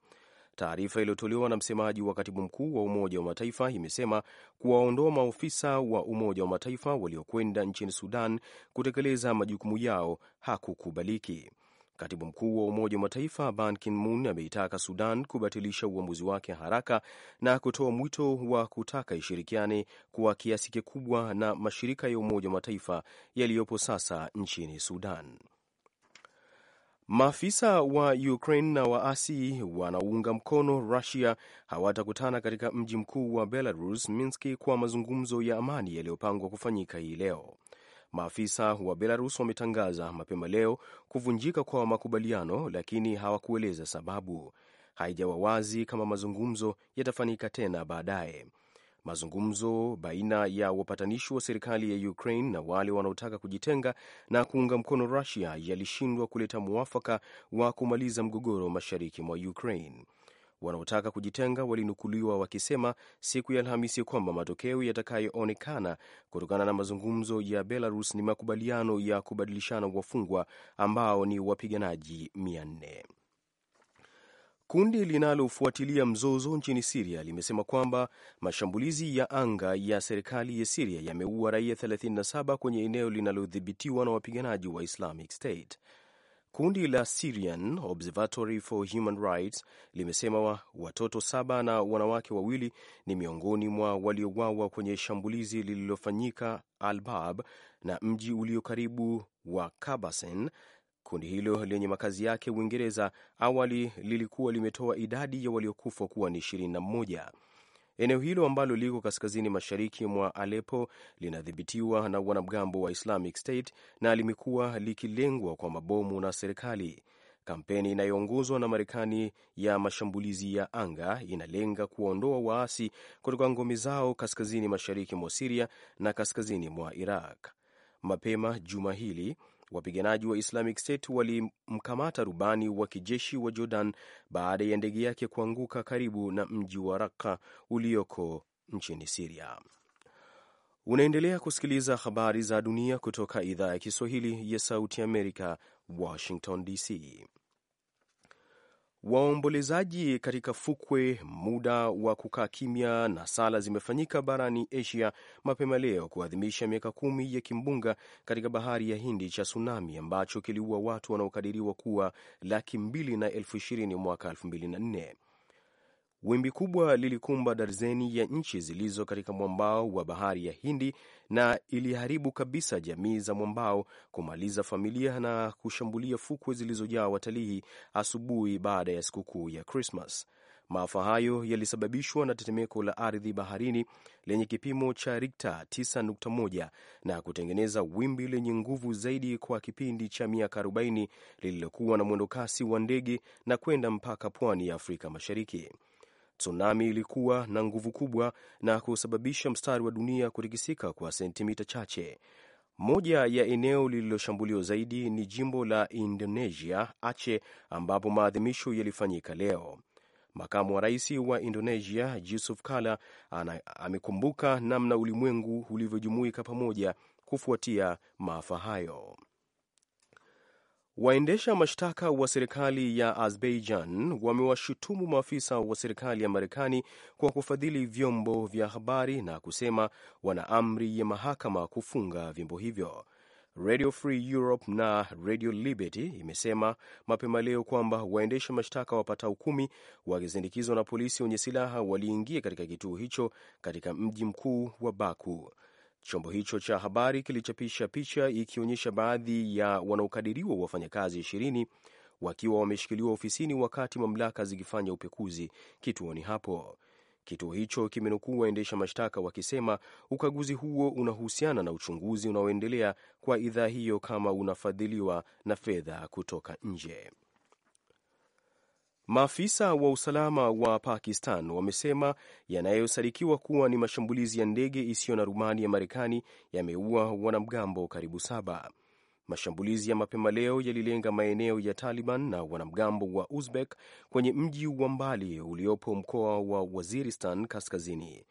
Taarifa iliyotolewa na msemaji wa katibu mkuu wa Umoja wa Mataifa imesema kuwaondoa maofisa wa Umoja wa Mataifa waliokwenda nchini Sudan kutekeleza majukumu yao hakukubaliki. Katibu mkuu wa Umoja wa Mataifa Ban Ki-moon ameitaka Sudan kubatilisha uamuzi wake haraka na kutoa mwito wa kutaka ishirikiane kwa kiasi kikubwa na mashirika ya Umoja wa Mataifa yaliyopo sasa nchini Sudan. Maafisa wa Ukraine na waasi wanaounga mkono Russia hawatakutana katika mji mkuu wa Belarus, Minsk, kwa mazungumzo ya amani yaliyopangwa kufanyika hii leo. Maafisa wa Belarus wametangaza mapema leo kuvunjika kwa makubaliano, lakini hawakueleza sababu. Haijawa wazi kama mazungumzo yatafanyika tena baadaye. Mazungumzo baina ya wapatanishi wa serikali ya Ukraine na wale wanaotaka kujitenga na kuunga mkono Rusia yalishindwa kuleta mwafaka wa kumaliza mgogoro mashariki mwa Ukraine wanaotaka kujitenga walinukuliwa wakisema siku ya Alhamisi kwamba matokeo yatakayoonekana kutokana na mazungumzo ya Belarus ni makubaliano ya kubadilishana wafungwa ambao ni wapiganaji mia nne. Kundi linalofuatilia mzozo nchini Siria limesema kwamba mashambulizi ya anga ya serikali ya Siria yameua raia 37 kwenye eneo linalodhibitiwa na wapiganaji wa Islamic State. Kundi la Syrian Observatory for Human Rights limesema wa watoto saba na wanawake wawili ni miongoni mwa waliowawa kwenye shambulizi lililofanyika albab na mji ulio karibu wa Kabasen. Kundi hilo lenye makazi yake Uingereza awali lilikuwa limetoa idadi ya waliokufa kuwa ni 21. Eneo hilo ambalo liko kaskazini mashariki mwa Alepo linadhibitiwa na wanamgambo wa Islamic State na limekuwa likilengwa kwa mabomu na serikali. Kampeni inayoongozwa na Marekani ya mashambulizi ya anga inalenga kuwaondoa waasi kutoka ngome zao kaskazini mashariki mwa Siria na kaskazini mwa Iraq. Mapema juma hili Wapiganaji wa Islamic State walimkamata rubani wa kijeshi wa Jordan baada ya ndege yake kuanguka karibu na mji wa raka ulioko nchini Siria. Unaendelea kusikiliza habari za dunia kutoka idhaa ya Kiswahili ya Sauti ya Amerika, Washington DC. Waombolezaji katika fukwe, muda wa kukaa kimya na sala zimefanyika barani Asia mapema leo kuadhimisha miaka kumi ya kimbunga katika bahari ya Hindi cha tsunami ambacho kiliua watu wanaokadiriwa kuwa laki mbili na elfu ishirini mwaka elfu mbili na nne. Wimbi kubwa lilikumba darzeni ya nchi zilizo katika mwambao wa bahari ya Hindi na iliharibu kabisa jamii za mwambao, kumaliza familia na kushambulia fukwe zilizojaa watalii asubuhi baada ya sikukuu ya Krismas. Maafa hayo yalisababishwa na tetemeko la ardhi baharini lenye kipimo cha Rikta 9.1 na kutengeneza wimbi lenye nguvu zaidi kwa kipindi cha miaka 40 lililokuwa na mwendokasi wa ndege na kwenda mpaka pwani ya Afrika Mashariki. Tsunami ilikuwa na nguvu kubwa na kusababisha mstari wa dunia kutikisika kwa sentimita chache. Moja ya eneo lililoshambuliwa zaidi ni jimbo la Indonesia Aceh, ambapo maadhimisho yalifanyika leo. Makamu wa rais wa Indonesia Yusuf Kala amekumbuka namna ulimwengu ulivyojumuika pamoja kufuatia maafa hayo. Waendesha mashtaka wa serikali ya Azerbaijan wamewashutumu maafisa wa serikali ya Marekani kwa kufadhili vyombo vya habari na kusema wana amri ya mahakama kufunga vyombo hivyo. Radio Free Europe na Radio Liberty imesema mapema leo kwamba waendesha mashtaka wapatao kumi wakisindikizwa na polisi wenye silaha waliingia katika kituo hicho katika mji mkuu wa Baku. Chombo hicho cha habari kilichapisha picha ikionyesha baadhi ya wanaokadiriwa wafanyakazi ishirini wakiwa wameshikiliwa ofisini wakati mamlaka zikifanya upekuzi kituoni hapo. Kituo hicho kimenukuu waendesha mashtaka wakisema ukaguzi huo unahusiana na uchunguzi unaoendelea kwa idhaa hiyo kama unafadhiliwa na fedha kutoka nje. Maafisa wa usalama wa Pakistan wamesema yanayosadikiwa kuwa ni mashambulizi ya ndege isiyo na rumani ya Marekani yameua wanamgambo karibu saba. Mashambulizi ya mapema leo yalilenga maeneo ya Taliban na wanamgambo wa Uzbek kwenye mji wa mbali uliopo mkoa wa Waziristan kaskazini.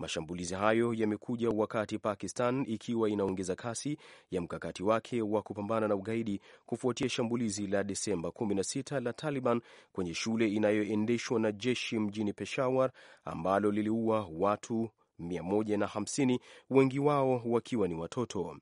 Mashambulizi hayo yamekuja wakati Pakistan ikiwa inaongeza kasi ya mkakati wake wa kupambana na ugaidi kufuatia shambulizi la Desemba 16 la Taliban kwenye shule inayoendeshwa na jeshi mjini Peshawar ambalo liliua watu 150 wengi wao wakiwa ni watoto.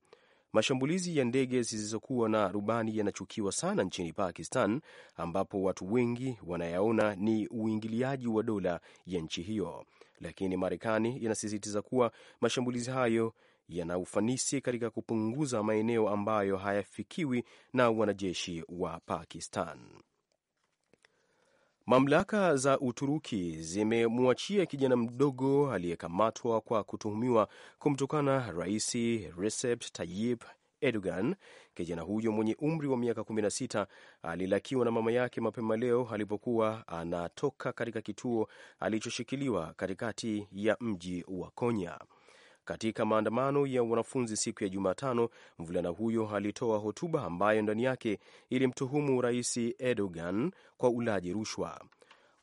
Mashambulizi ya ndege zisizokuwa na rubani yanachukiwa sana nchini Pakistan, ambapo watu wengi wanayaona ni uingiliaji wa dola ya nchi hiyo lakini Marekani inasisitiza kuwa mashambulizi hayo yana ufanisi katika kupunguza maeneo ambayo hayafikiwi na wanajeshi wa Pakistan. Mamlaka za Uturuki zimemwachia kijana mdogo aliyekamatwa kwa kutuhumiwa kumtukana Rais Recep Tayyip Erdogan. Kijana huyo mwenye umri wa miaka 16 alilakiwa na mama yake mapema leo alipokuwa anatoka katika kituo alichoshikiliwa katikati ya mji wa Konya. Katika maandamano ya wanafunzi siku ya Jumatano, mvulana huyo alitoa hotuba ambayo ndani yake ilimtuhumu Rais Erdogan kwa ulaji rushwa.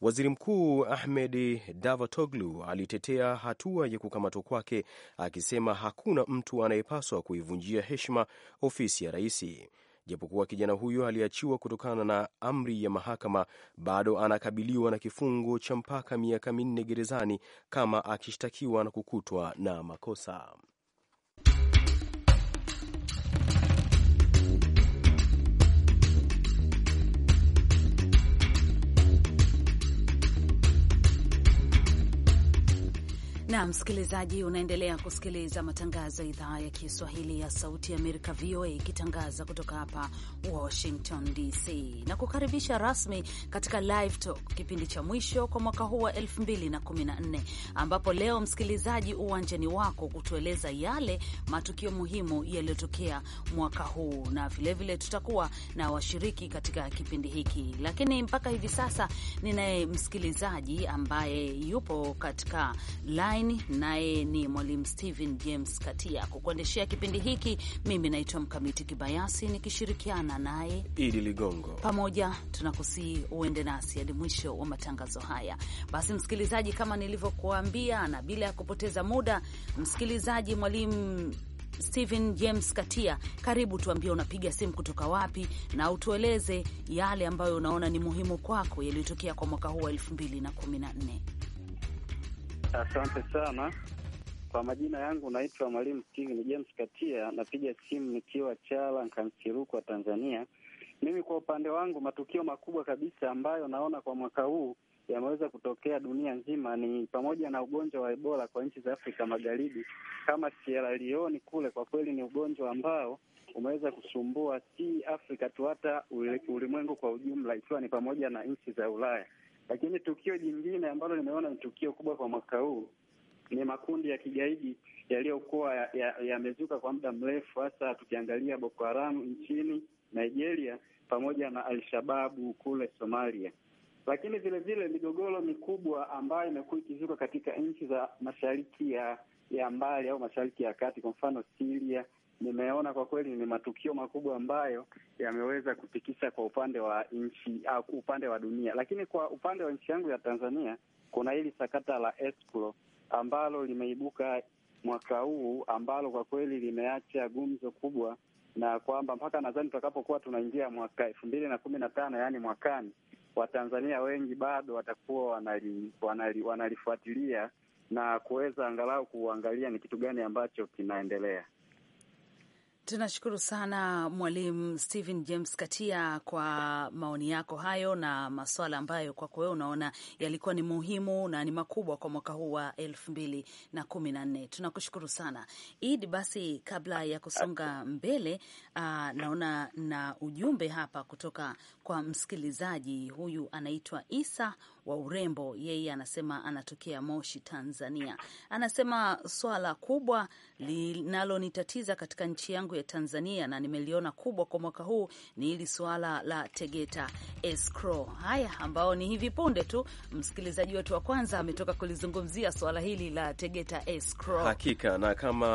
Waziri Mkuu Ahmed davatoglu alitetea hatua ya kukamatwa kwake akisema hakuna mtu anayepaswa kuivunjia heshima ofisi ya raisi. Japokuwa kijana huyo aliachiwa kutokana na amri ya mahakama, bado anakabiliwa na kifungo cha mpaka miaka minne gerezani kama akishtakiwa na kukutwa na makosa. na msikilizaji, unaendelea kusikiliza matangazo ya idhaa ya Kiswahili ya Sauti ya Amerika, VOA, ikitangaza kutoka hapa Washington DC na kukaribisha rasmi katika Live Talk, kipindi cha mwisho kwa mwaka huu wa 2014 ambapo leo, msikilizaji, uwanjani wako kutueleza yale matukio muhimu yaliyotokea mwaka huu, na vilevile vile tutakuwa na washiriki katika kipindi hiki, lakini mpaka hivi sasa ninaye msikilizaji ambaye yupo katika live online, naye ni mwalimu Stephen James Katia. Kukuendeshea kipindi hiki mimi naitwa Mkamiti Kibayasi nikishirikiana naye Idi Ligongo. Pamoja tunakusii uende nasi hadi mwisho wa matangazo haya. Basi msikilizaji, kama nilivyokuambia, na bila ya kupoteza muda, msikilizaji, mwalimu Stephen James Katia, karibu, tuambie unapiga simu kutoka wapi na utueleze yale ambayo unaona ni muhimu kwako yaliyotokea kwa mwaka huu wa 214 Asante sana. Kwa majina yangu naitwa Mwalimu Steven James Katia, napiga simu nikiwa Chala Nkansirukwa, Tanzania. Mimi kwa upande wangu, matukio makubwa kabisa ambayo naona kwa mwaka huu yameweza kutokea dunia nzima ni pamoja na ugonjwa wa Ebola kwa nchi za Afrika Magharibi kama Sierra Leone kule. Kwa kweli ni ugonjwa ambao umeweza kusumbua si Afrika tu, hata ulimwengu kwa ujumla, ikiwa ni pamoja na nchi za Ulaya. Lakini tukio jingine ambalo nimeona ni tukio kubwa kwa mwaka huu ni makundi ya kigaidi yaliyokuwa yamezuka ya, ya kwa muda mrefu, hasa tukiangalia Boko Haramu nchini Nigeria pamoja na Alshababu kule Somalia. Lakini vilevile migogoro mikubwa ambayo imekuwa ikizuka katika nchi za mashariki ya ya mbali au mashariki ya kati, kwa mfano siria nimeona kwa kweli ni matukio makubwa ambayo yameweza kutikisa kwa upande wa nchi au upande wa dunia, lakini kwa upande wa nchi yangu ya Tanzania kuna hili sakata la Escrow ambalo limeibuka mwaka huu ambalo kwa kweli limeacha gumzo kubwa, na kwamba mpaka nadhani tutakapokuwa tunaingia mwaka elfu mbili na kumi na tano yaani mwakani, Watanzania wengi bado watakuwa wanali, wanali, wanalifuatilia na kuweza angalau kuangalia ni kitu gani ambacho kinaendelea. Tunashukuru sana Mwalimu Stephen James Katia kwa maoni yako hayo na maswala ambayo kwako wewe unaona yalikuwa ni muhimu na ni makubwa kwa mwaka huu wa elfu mbili na kumi na nne. Tunakushukuru sana id Basi kabla ya kusonga mbele, uh, naona na ujumbe hapa kutoka kwa msikilizaji huyu anaitwa Isa wa urembo, yeye anasema anatokea Moshi, Tanzania. Anasema swala kubwa linalonitatiza katika nchi yangu ya Tanzania na nimeliona kubwa kwa mwaka huu ni hili swala la Tegeta escrow. Haya, ambao ni hivi punde tu msikilizaji wetu wa kwanza ametoka kulizungumzia swala hili la Tegeta escrow. Hakika, na kama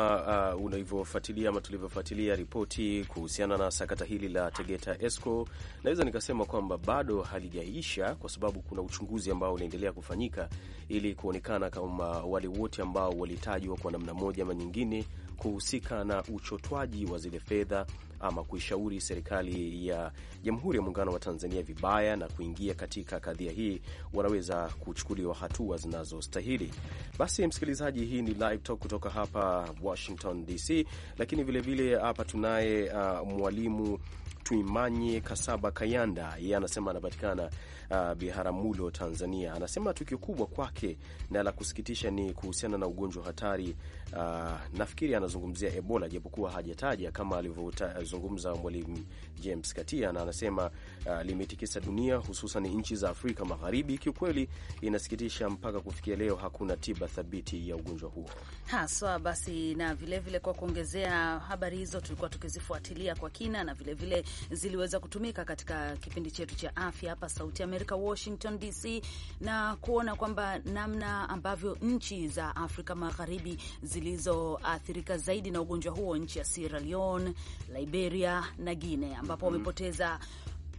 uh, unavyofuatilia ama tulivyofuatilia ripoti kuhusiana na sakata hili la Tegeta escrow, naweza nikasema kwamba bado halijaisha kwa sababu kuna uchunguzi uchunguzi ambao unaendelea kufanyika ili kuonekana kama wale wote ambao walitajwa kwa namna moja ama nyingine kuhusika na uchotwaji wa zile fedha ama kuishauri serikali ya Jamhuri ya Muungano wa Tanzania vibaya na kuingia katika kadhia hii, wanaweza kuchukuliwa hatua zinazostahili. Basi msikilizaji, hii ni Live Talk kutoka hapa Washington DC, lakini vilevile hapa tunaye uh, mwalimu Tuimanye Kasaba Kayanda, yeye anasema anapatikana uh, Biharamulo, Tanzania. Anasema tukio kubwa kwake na la kusikitisha ni kuhusiana na ugonjwa hatari uh, nafikiri anazungumzia Ebola japokuwa hajataja kama alivyozungumza Mwalimu James Katia, na anasema uh, limetikisa dunia hususan nchi za Afrika Magharibi. Kiukweli inasikitisha, mpaka kufikia leo hakuna tiba thabiti ya ugonjwa huo haswa. So, Basi na vilevile vile kwa kuongezea, habari hizo tulikuwa tukizifuatilia kwa kina na vilevile vile ziliweza kutumika katika kipindi chetu cha afya hapa Sauti Amerika, Washington DC, na kuona kwamba namna ambavyo nchi za Afrika Magharibi zili zilizoathirika zaidi na ugonjwa huo, nchi ya Sierra Leone, Liberia na Guinea ambapo mhm. wamepoteza mm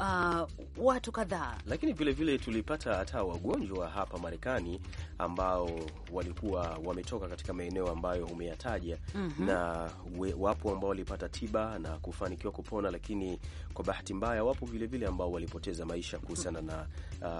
uh, watu kadhaa, lakini vilevile tulipata hata wagonjwa hapa Marekani ambao walikuwa wametoka katika maeneo ambayo umeyataja mm -hmm. na we, wapo ambao walipata tiba na kufanikiwa kupona, lakini kwa bahati mbaya wapo vilevile ambao walipoteza maisha kuhusiana na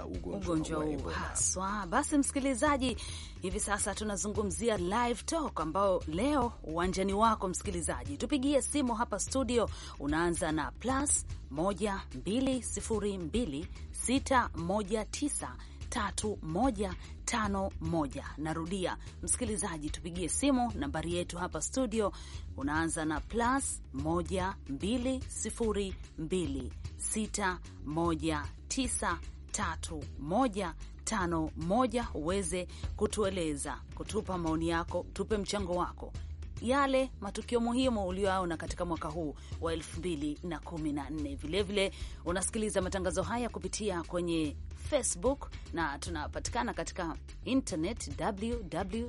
uh, ugonjwa ugonjwa haswa. Basi msikilizaji, hivi sasa tunazungumzia live talk ambao leo uwanjani wako msikilizaji, tupigie simu hapa studio, unaanza na plus 12026193151. Narudia msikilizaji, tupigie simu nambari yetu hapa studio, unaanza na plus 120261931 uweze kutueleza kutupa maoni yako, tupe mchango wako yale matukio muhimu ulioyaona katika mwaka huu wa 2014. Vilevile unasikiliza matangazo haya kupitia kwenye Facebook na tunapatikana katika internet www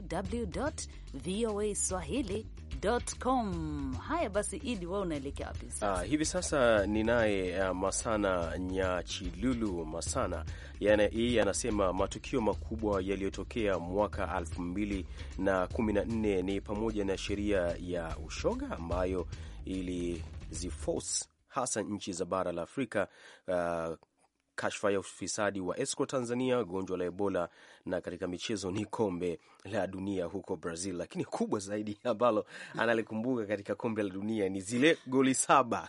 voa swahili gmail.com. Haya basi, Idi, wewe unaelekea wapi sasa? Ah, hivi sasa ninaye ah, Masana Nyachilulu Masana, yeye anasema matukio makubwa yaliyotokea mwaka 2014 ni pamoja na sheria ya ushoga ambayo iliziforce hasa nchi za bara la Afrika uh, kashfa ya ufisadi wa Esco Tanzania, gonjwa la Ebola na katika michezo ni kombe la dunia huko Brazil, lakini kubwa zaidi ambalo analikumbuka katika kombe la dunia ni zile goli saba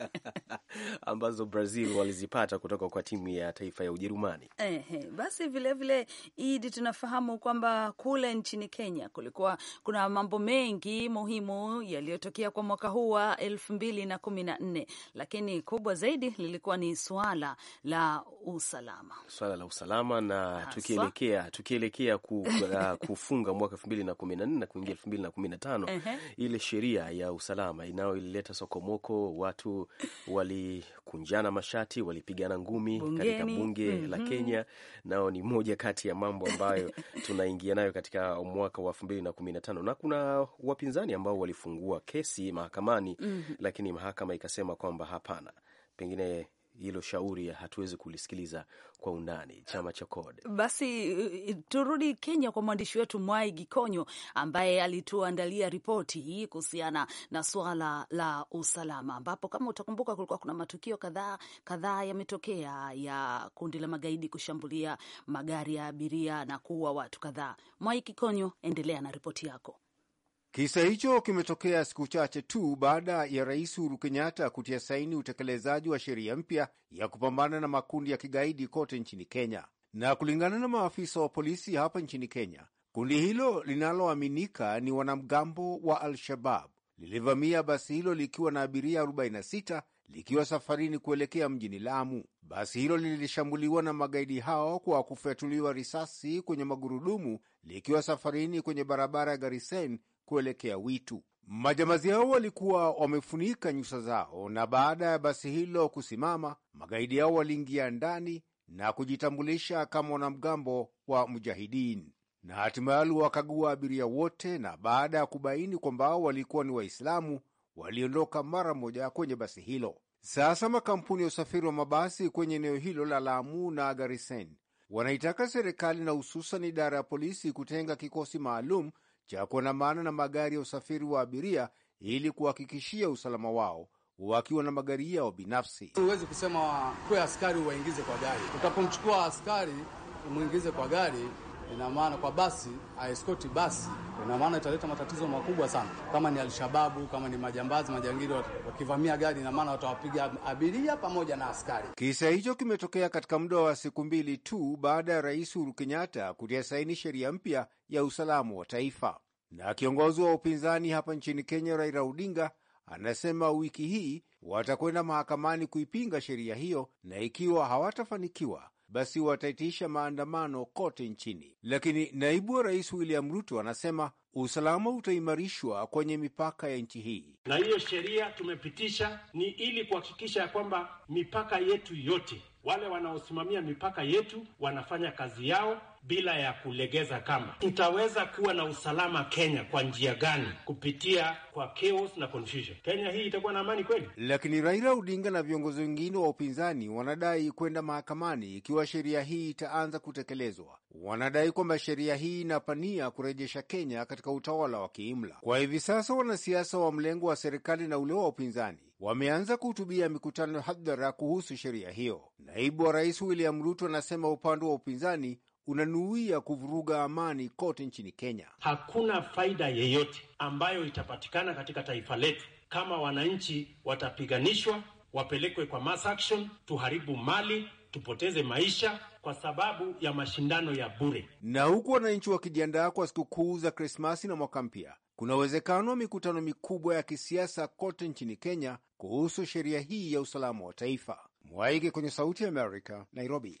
ambazo Brazil walizipata kutoka kwa timu ya taifa ya Ujerumani. Ehe, basi vilevile vile, Idi, tunafahamu kwamba kule nchini Kenya kulikuwa kuna mambo mengi muhimu yaliyotokea kwa mwaka huu wa elfu mbili na kumi na nne, lakini kubwa zaidi lilikuwa ni swala la usalama, swala la usalama na tuki tukielekea tukielekea ku, uh, kufunga mwaka elfu mbili na kumi na nne na kuingia elfu mbili na kumi na tano uh -huh. Ile sheria ya usalama inayo ilileta sokomoko, watu walikunjana mashati, walipigana ngumi katika bunge mm -hmm. la mhm. Kenya, nao ni moja kati ya mambo ambayo tunaingia nayo katika mwaka wa elfu mbili na kumi na tano na kuna wapinzani ambao walifungua kesi mahakamani mm -hmm. lakini mahakama ikasema kwamba hapana, pengine hilo shauri hatuwezi kulisikiliza kwa undani chama cha CORD. Basi eh, turudi Kenya kwa mwandishi wetu Mwai Gikonyo ambaye alituandalia ripoti hii kuhusiana na suala la usalama, ambapo kama utakumbuka kulikuwa kuna matukio kadhaa kadhaa yametokea ya kundi la magaidi kushambulia magari ya abiria na kuua watu kadhaa. Mwai Gikonyo, endelea na ripoti yako. Kisa hicho kimetokea siku chache tu baada ya Rais Uhuru Kenyatta kutia saini utekelezaji wa sheria mpya ya kupambana na makundi ya kigaidi kote nchini Kenya. Na kulingana na maafisa wa polisi hapa nchini Kenya, kundi hilo linaloaminika ni wanamgambo wa Al-Shabab lilivamia basi hilo likiwa na abiria 46 likiwa safarini kuelekea mjini Lamu. Basi hilo lilishambuliwa na magaidi hao kwa kufyatuliwa risasi kwenye magurudumu likiwa safarini kwenye barabara ya Garisen kuelekea Witu. Majambazi hao walikuwa wamefunika nyuso zao, na baada ya basi hilo kusimama, magaidi hao waliingia ndani na kujitambulisha kama wanamgambo wa Mujahidin, na hatimaye wakagua abiria wote, na baada ya kubaini kwamba walikuwa ni Waislamu, waliondoka mara moja kwenye basi hilo. Sasa makampuni ya usafiri wa mabasi kwenye eneo hilo la Lamu na Garisen wanaitaka serikali na hususan idara ya polisi kutenga kikosi maalum cha kuandamana na magari ya usafiri wa abiria ili kuhakikishia usalama wao wakiwa na magari yao binafsi. Huwezi kusema kwe askari uwaingize kwa gari, utapomchukua askari umwingize kwa gari ina maana kwa basi aeskoti basi, ina maana italeta matatizo makubwa sana. Kama ni Alshababu, kama ni majambazi, majangili wakivamia gari, ina maana watawapiga abiria pamoja na askari. Kisa hicho kimetokea katika muda wa siku mbili tu baada ya Rais Uhuru Kenyatta kutia saini sheria mpya ya usalama wa taifa. Na kiongozi wa upinzani hapa nchini Kenya, Raila Odinga, anasema wiki hii watakwenda mahakamani kuipinga sheria hiyo, na ikiwa hawatafanikiwa basi wataitisha maandamano kote nchini. Lakini naibu wa rais William Ruto anasema usalama utaimarishwa kwenye mipaka ya nchi hii, na hiyo sheria tumepitisha ni ili kuhakikisha ya kwamba mipaka yetu yote, wale wanaosimamia mipaka yetu wanafanya kazi yao bila ya kulegeza kama Tutaweza kuwa na usalama Kenya kwa njia gani? Kupitia kwa chaos na confusion. Kenya hii itakuwa na amani kweli? Lakini Raila Odinga na viongozi wengine wa upinzani wanadai kwenda mahakamani ikiwa sheria hii itaanza kutekelezwa. Wanadai kwamba sheria hii inapania kurejesha Kenya katika utawala wa kiimla. Kwa hivi sasa, wanasiasa wa mlengo wa serikali na ule wa upinzani wameanza kuhutubia mikutano hadhara kuhusu sheria hiyo. Naibu wa rais William Ruto anasema upande wa upinzani unanuia kuvuruga amani kote nchini Kenya. Hakuna faida yeyote ambayo itapatikana katika taifa letu kama wananchi watapiganishwa, wapelekwe kwa mass action, tuharibu mali, tupoteze maisha kwa sababu ya mashindano ya bure. Na huku wananchi wakijiandaa kwa sikukuu za Krismasi na mwaka mpya, kuna uwezekano wa mikutano mikubwa ya kisiasa kote nchini Kenya kuhusu sheria hii ya usalama wa taifa. Mwaige kwenye Sauti ya Amerika, Nairobi.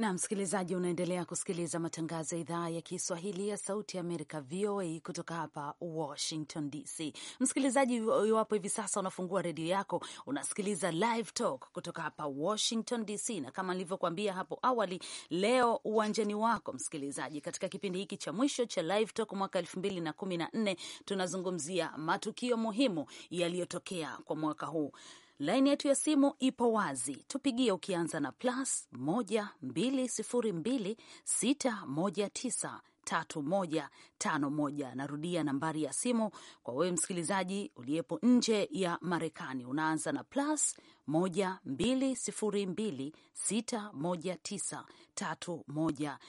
na msikilizaji, unaendelea kusikiliza matangazo ya idhaa ya Kiswahili ya Sauti ya Amerika, VOA, kutoka hapa Washington DC. Msikilizaji, iwapo hivi sasa unafungua redio yako, unasikiliza Live Talk kutoka hapa Washington DC, na kama nilivyokuambia hapo awali, leo uwanjani wako msikilizaji, katika kipindi hiki cha mwisho cha Live Talk mwaka elfu mbili na kumi na nne tunazungumzia matukio muhimu yaliyotokea kwa mwaka huu. Laini yetu ya simu ipo wazi, tupigie ukianza na plus 1202619 Narudia nambari ya simu kwa wewe msikilizaji uliyepo nje ya Marekani, unaanza na plus 12026193151.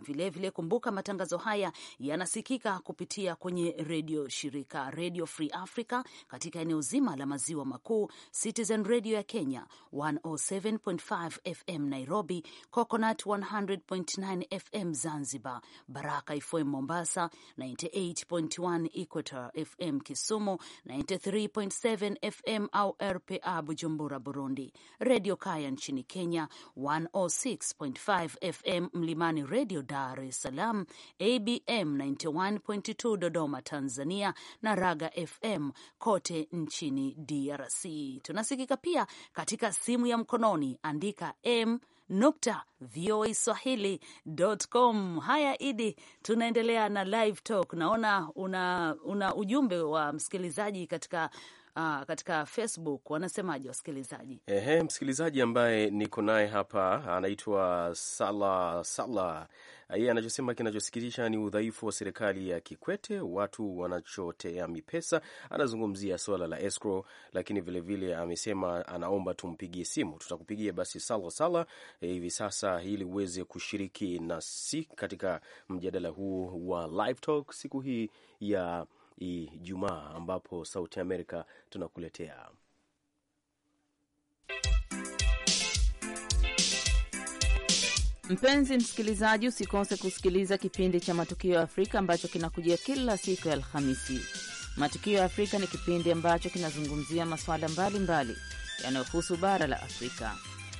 Vilevile kumbuka matangazo haya yanasikika kupitia kwenye redio shirika Radio Free Africa katika eneo zima la maziwa makuu, Citizen Radio ya Kenya 107.5 FM Nairobi, Coconut 100.9 FM Zanzibar, Baraka FM Mombasa 98.1, Equator FM Kisumu 93.7 FM au RPA A Bujumbura, Burundi, Redio Kaya nchini Kenya, 106.5 FM Mlimani Redio Dar es Salaam, ABM 91.2 Dodoma, Tanzania, na Raga FM kote nchini DRC. Tunasikika pia katika simu ya mkononi, andika m nukta voa swahili.com. Haya, Idi, tunaendelea na live talk. Naona una, una ujumbe wa msikilizaji katika aa, ah, katika Facebook wanasemaje wasikilizaji? Ehe, msikilizaji ambaye niko naye hapa anaitwa Sala Sala, yeye anachosema kinachosikitisha ni udhaifu wa serikali ya Kikwete, watu wanachotea mipesa. Anazungumzia swala la escrow, lakini vilevile vile amesema anaomba tumpigie simu. Tutakupigia basi Sala Sala eh, hivi sasa ili uweze kushiriki na si katika mjadala huu wa Live Talk siku hii ya Ijumaa ambapo Sauti Amerika tunakuletea Mpenzi msikilizaji, usikose kusikiliza kipindi cha Matukio ya Afrika ambacho kinakujia kila siku ya Alhamisi. Matukio ya Afrika ni kipindi ambacho kinazungumzia masuala mbalimbali yanayohusu bara la Afrika.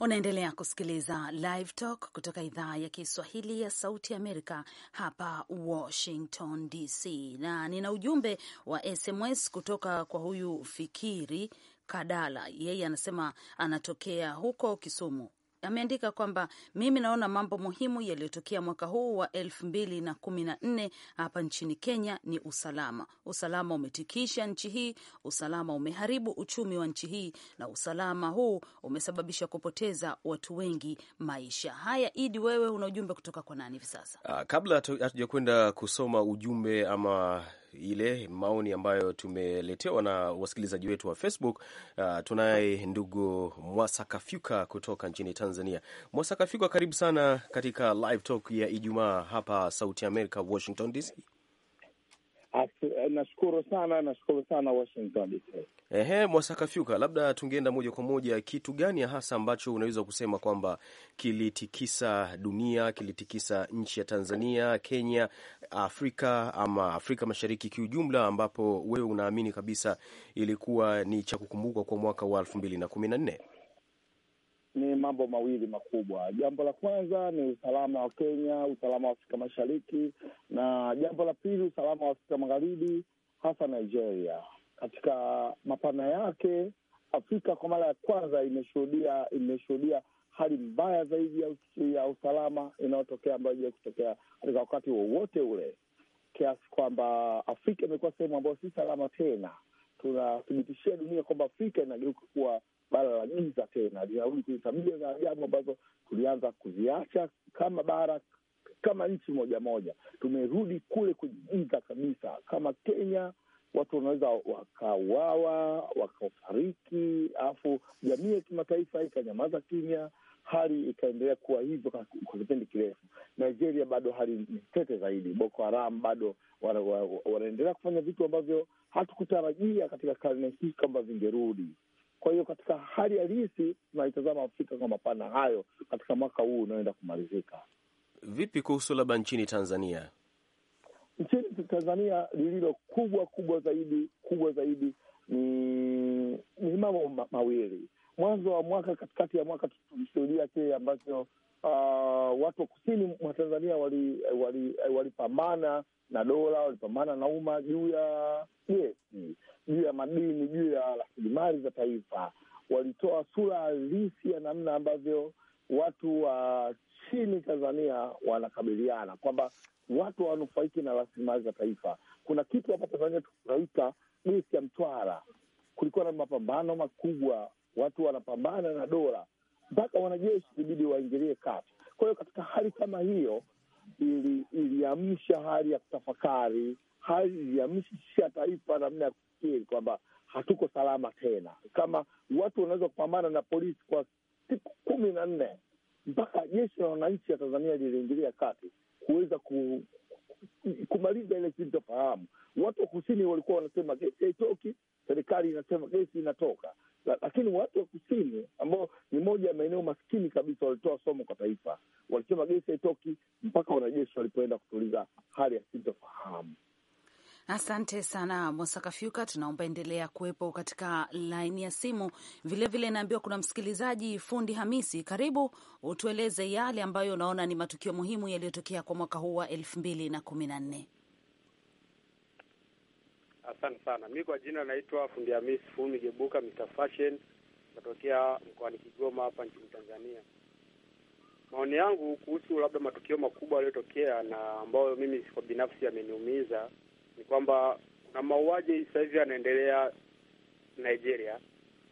Unaendelea kusikiliza Live Talk kutoka idhaa ya Kiswahili ya Sauti Amerika hapa Washington DC, na nina ujumbe wa SMS kutoka kwa huyu Fikiri Kadala, yeye anasema anatokea huko Kisumu ameandika kwamba mimi naona mambo muhimu yaliyotokea mwaka huu wa elfu mbili na kumi na nne hapa nchini Kenya ni usalama. Usalama umetikisha nchi hii, usalama umeharibu uchumi wa nchi hii, na usalama huu umesababisha kupoteza watu wengi maisha. Haya, Idi, wewe una ujumbe kutoka kwa nani hivi sasa? Ah, kabla hatuja kwenda kusoma ujumbe ama ile maoni ambayo tumeletewa na wasikilizaji wetu wa Facebook. Uh, tunaye ndugu Mwasakafyuka kutoka nchini Tanzania. Mwasakafyuka, karibu sana katika live talk ya Ijumaa hapa Sauti America, Washington DC. Eh, nashukuru sana, nashukuru sana Washington DC. Ehe, Mwasaka Fyuka, labda tungeenda moja kwa moja, kitu gani hasa ambacho unaweza kusema kwamba kilitikisa dunia, kilitikisa nchi ya Tanzania, Kenya, Afrika ama Afrika Mashariki kiujumla, ambapo wewe unaamini kabisa ilikuwa ni cha kukumbukwa kwa mwaka wa elfu mbili na kumi na nne? ni mambo mawili makubwa. Jambo la kwanza ni usalama wa Kenya, usalama wa Afrika Mashariki, na jambo la pili usalama wa Afrika Magharibi, hasa Nigeria. Katika mapana yake, Afrika kwa mara ya kwanza imeshuhudia imeshuhudia hali mbaya zaidi ya, ya usalama inayotokea ambayo ija kutokea katika wakati wowote ule, kiasi kwamba Afrika imekuwa sehemu ambayo si salama tena. Tunathibitishia dunia kwamba Afrika inageuka kuwa bara la giza tena, linarudi kwenye tabia za ajabu ambazo tulianza kuziacha kama bara, kama nchi moja moja. Tumerudi kule kwenye giza kabisa. Kama Kenya, watu wanaweza wakauawa, wakafariki, alafu jamii ya kimataifa ikanyamaza kimya hali ikaendelea kuwa hivyo kwa kipindi kirefu. Nigeria bado hali ni tete zaidi. Boko Haram bado wanaendelea kufanya vitu ambavyo hatukutarajia katika karne hii kama vingerudi. Kwa hiyo katika hali halisi tunaitazama Afrika kwa mapana hayo katika mwaka huu unaoenda kumalizika. Vipi kuhusu labda nchini Tanzania? Nchini Tanzania lililo kubwa kubwa zaidi kubwa zaidi ni ni mambo ma mawili. Mwanzo wa mwaka, katikati ya mwaka, tulishuhudia kile ambacho uh, watu wa kusini mwa Tanzania walipambana wali, wali na dola walipambana na umma juu ya gesi yes juu ya madini, juu ya rasilimali za taifa. Walitoa sura halisi ya namna ambavyo watu wa chini Tanzania wanakabiliana kwamba watu wanufaiki na rasilimali za taifa. Kuna kitu hapa Tanzania tunaita gesi ya mtwara. Kulikuwa na mapambano makubwa, watu wanapambana na dola mpaka wanajeshi ibidi waingilie kati. Kwa hiyo katika hali kama hiyo iliamsha ili hali ya kutafakari, hali iliamsha taifa namna ya kufikiri kwamba hatuko salama tena. Kama watu wanaweza kupambana na polisi kwa siku kumi na nne mpaka jeshi la wananchi ya Tanzania liliingilia kati kuweza ku, kumaliza ile sintofahamu. Watu wa kusini walikuwa wanasema gesi haitoki, serikali inasema gesi inatoka, lakini watu wa kusini ambao ni moja ya maeneo maskini kabisa walitoa somo kwa taifa, walisema gesi haitoki mpaka wanajeshi walipoenda kutuliza hali ya sintofahamu. Asante sana Fyuka, tunaomba endelea kuwepo katika laini ya simu. Vilevile naambiwa kuna msikilizaji Fundi Hamisi, karibu utueleze yale ambayo unaona ni matukio muhimu yaliyotokea kwa mwaka huu wa elfu mbili na kumi na nne. Asante sana. Mi kwa jina naitwa Fundi Hamisi Fumi Gebuka, Mr Fashion, natokea mkoani Kigoma hapa nchini Tanzania. Maoni yangu kuhusu labda matukio makubwa yaliyotokea na ambayo mimi kwa binafsi yameniumiza ni kwamba kuna mauaji sasa hivi yanaendelea Nigeria,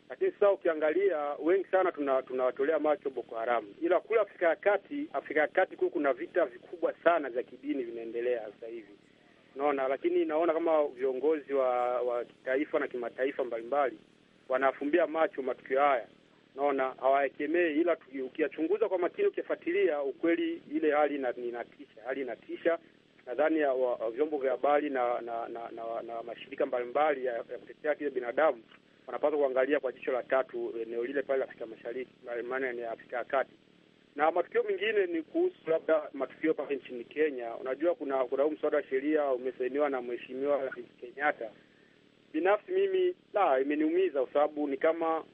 lakini sasa ukiangalia wengi sana tunawatolea tuna macho Boko Haramu, ila kule Afrika ya Kati, Afrika ya Kati kule kuna vita vikubwa sana vya kidini vinaendelea sasa hivi naona, lakini naona kama viongozi wa wa kitaifa na kimataifa mbalimbali wanafumbia macho matukio haya, naona hawaekemei, ila ukiyachunguza kwa makini, ukifuatilia ukweli, ile hali inatisha, hali inatisha nadhani vyombo vya habari na na, na, na na mashirika mbalimbali ya, ya kutetea haki za binadamu wanapaswa kuangalia kwa jicho la tatu eneo lile pale Afrika Mashariki, maana ni Afrika ya Kati. Na matukio mengine ni kuhusu labda matukio pale nchini Kenya. Unajua kuna kuna huu mswada wa sheria umesainiwa na mheshimiwa Rais Kenyatta. Binafsi mimi la, imeniumiza kwa sababu ni kama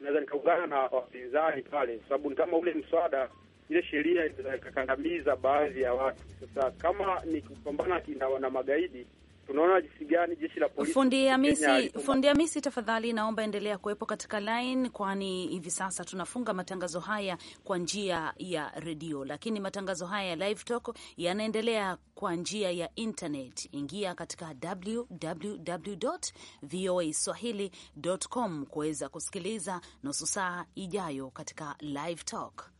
naweza nikaungana na wapinzani pale, kwa sababu ni kama ule mswada ile sheria ikakandamiza baadhi ya watu. Sasa kama ni kupambana na magaidi tunaona jinsi gani jeshi la polisi. Fundi Hamisi, Fundi Hamisi, tafadhali naomba endelea kuwepo katika line, kwani hivi sasa tunafunga matangazo haya kwa njia ya redio, lakini matangazo haya ya live talk yanaendelea kwa njia ya internet. Ingia katika www.voaswahili.com kuweza kusikiliza nusu saa ijayo katika live talk.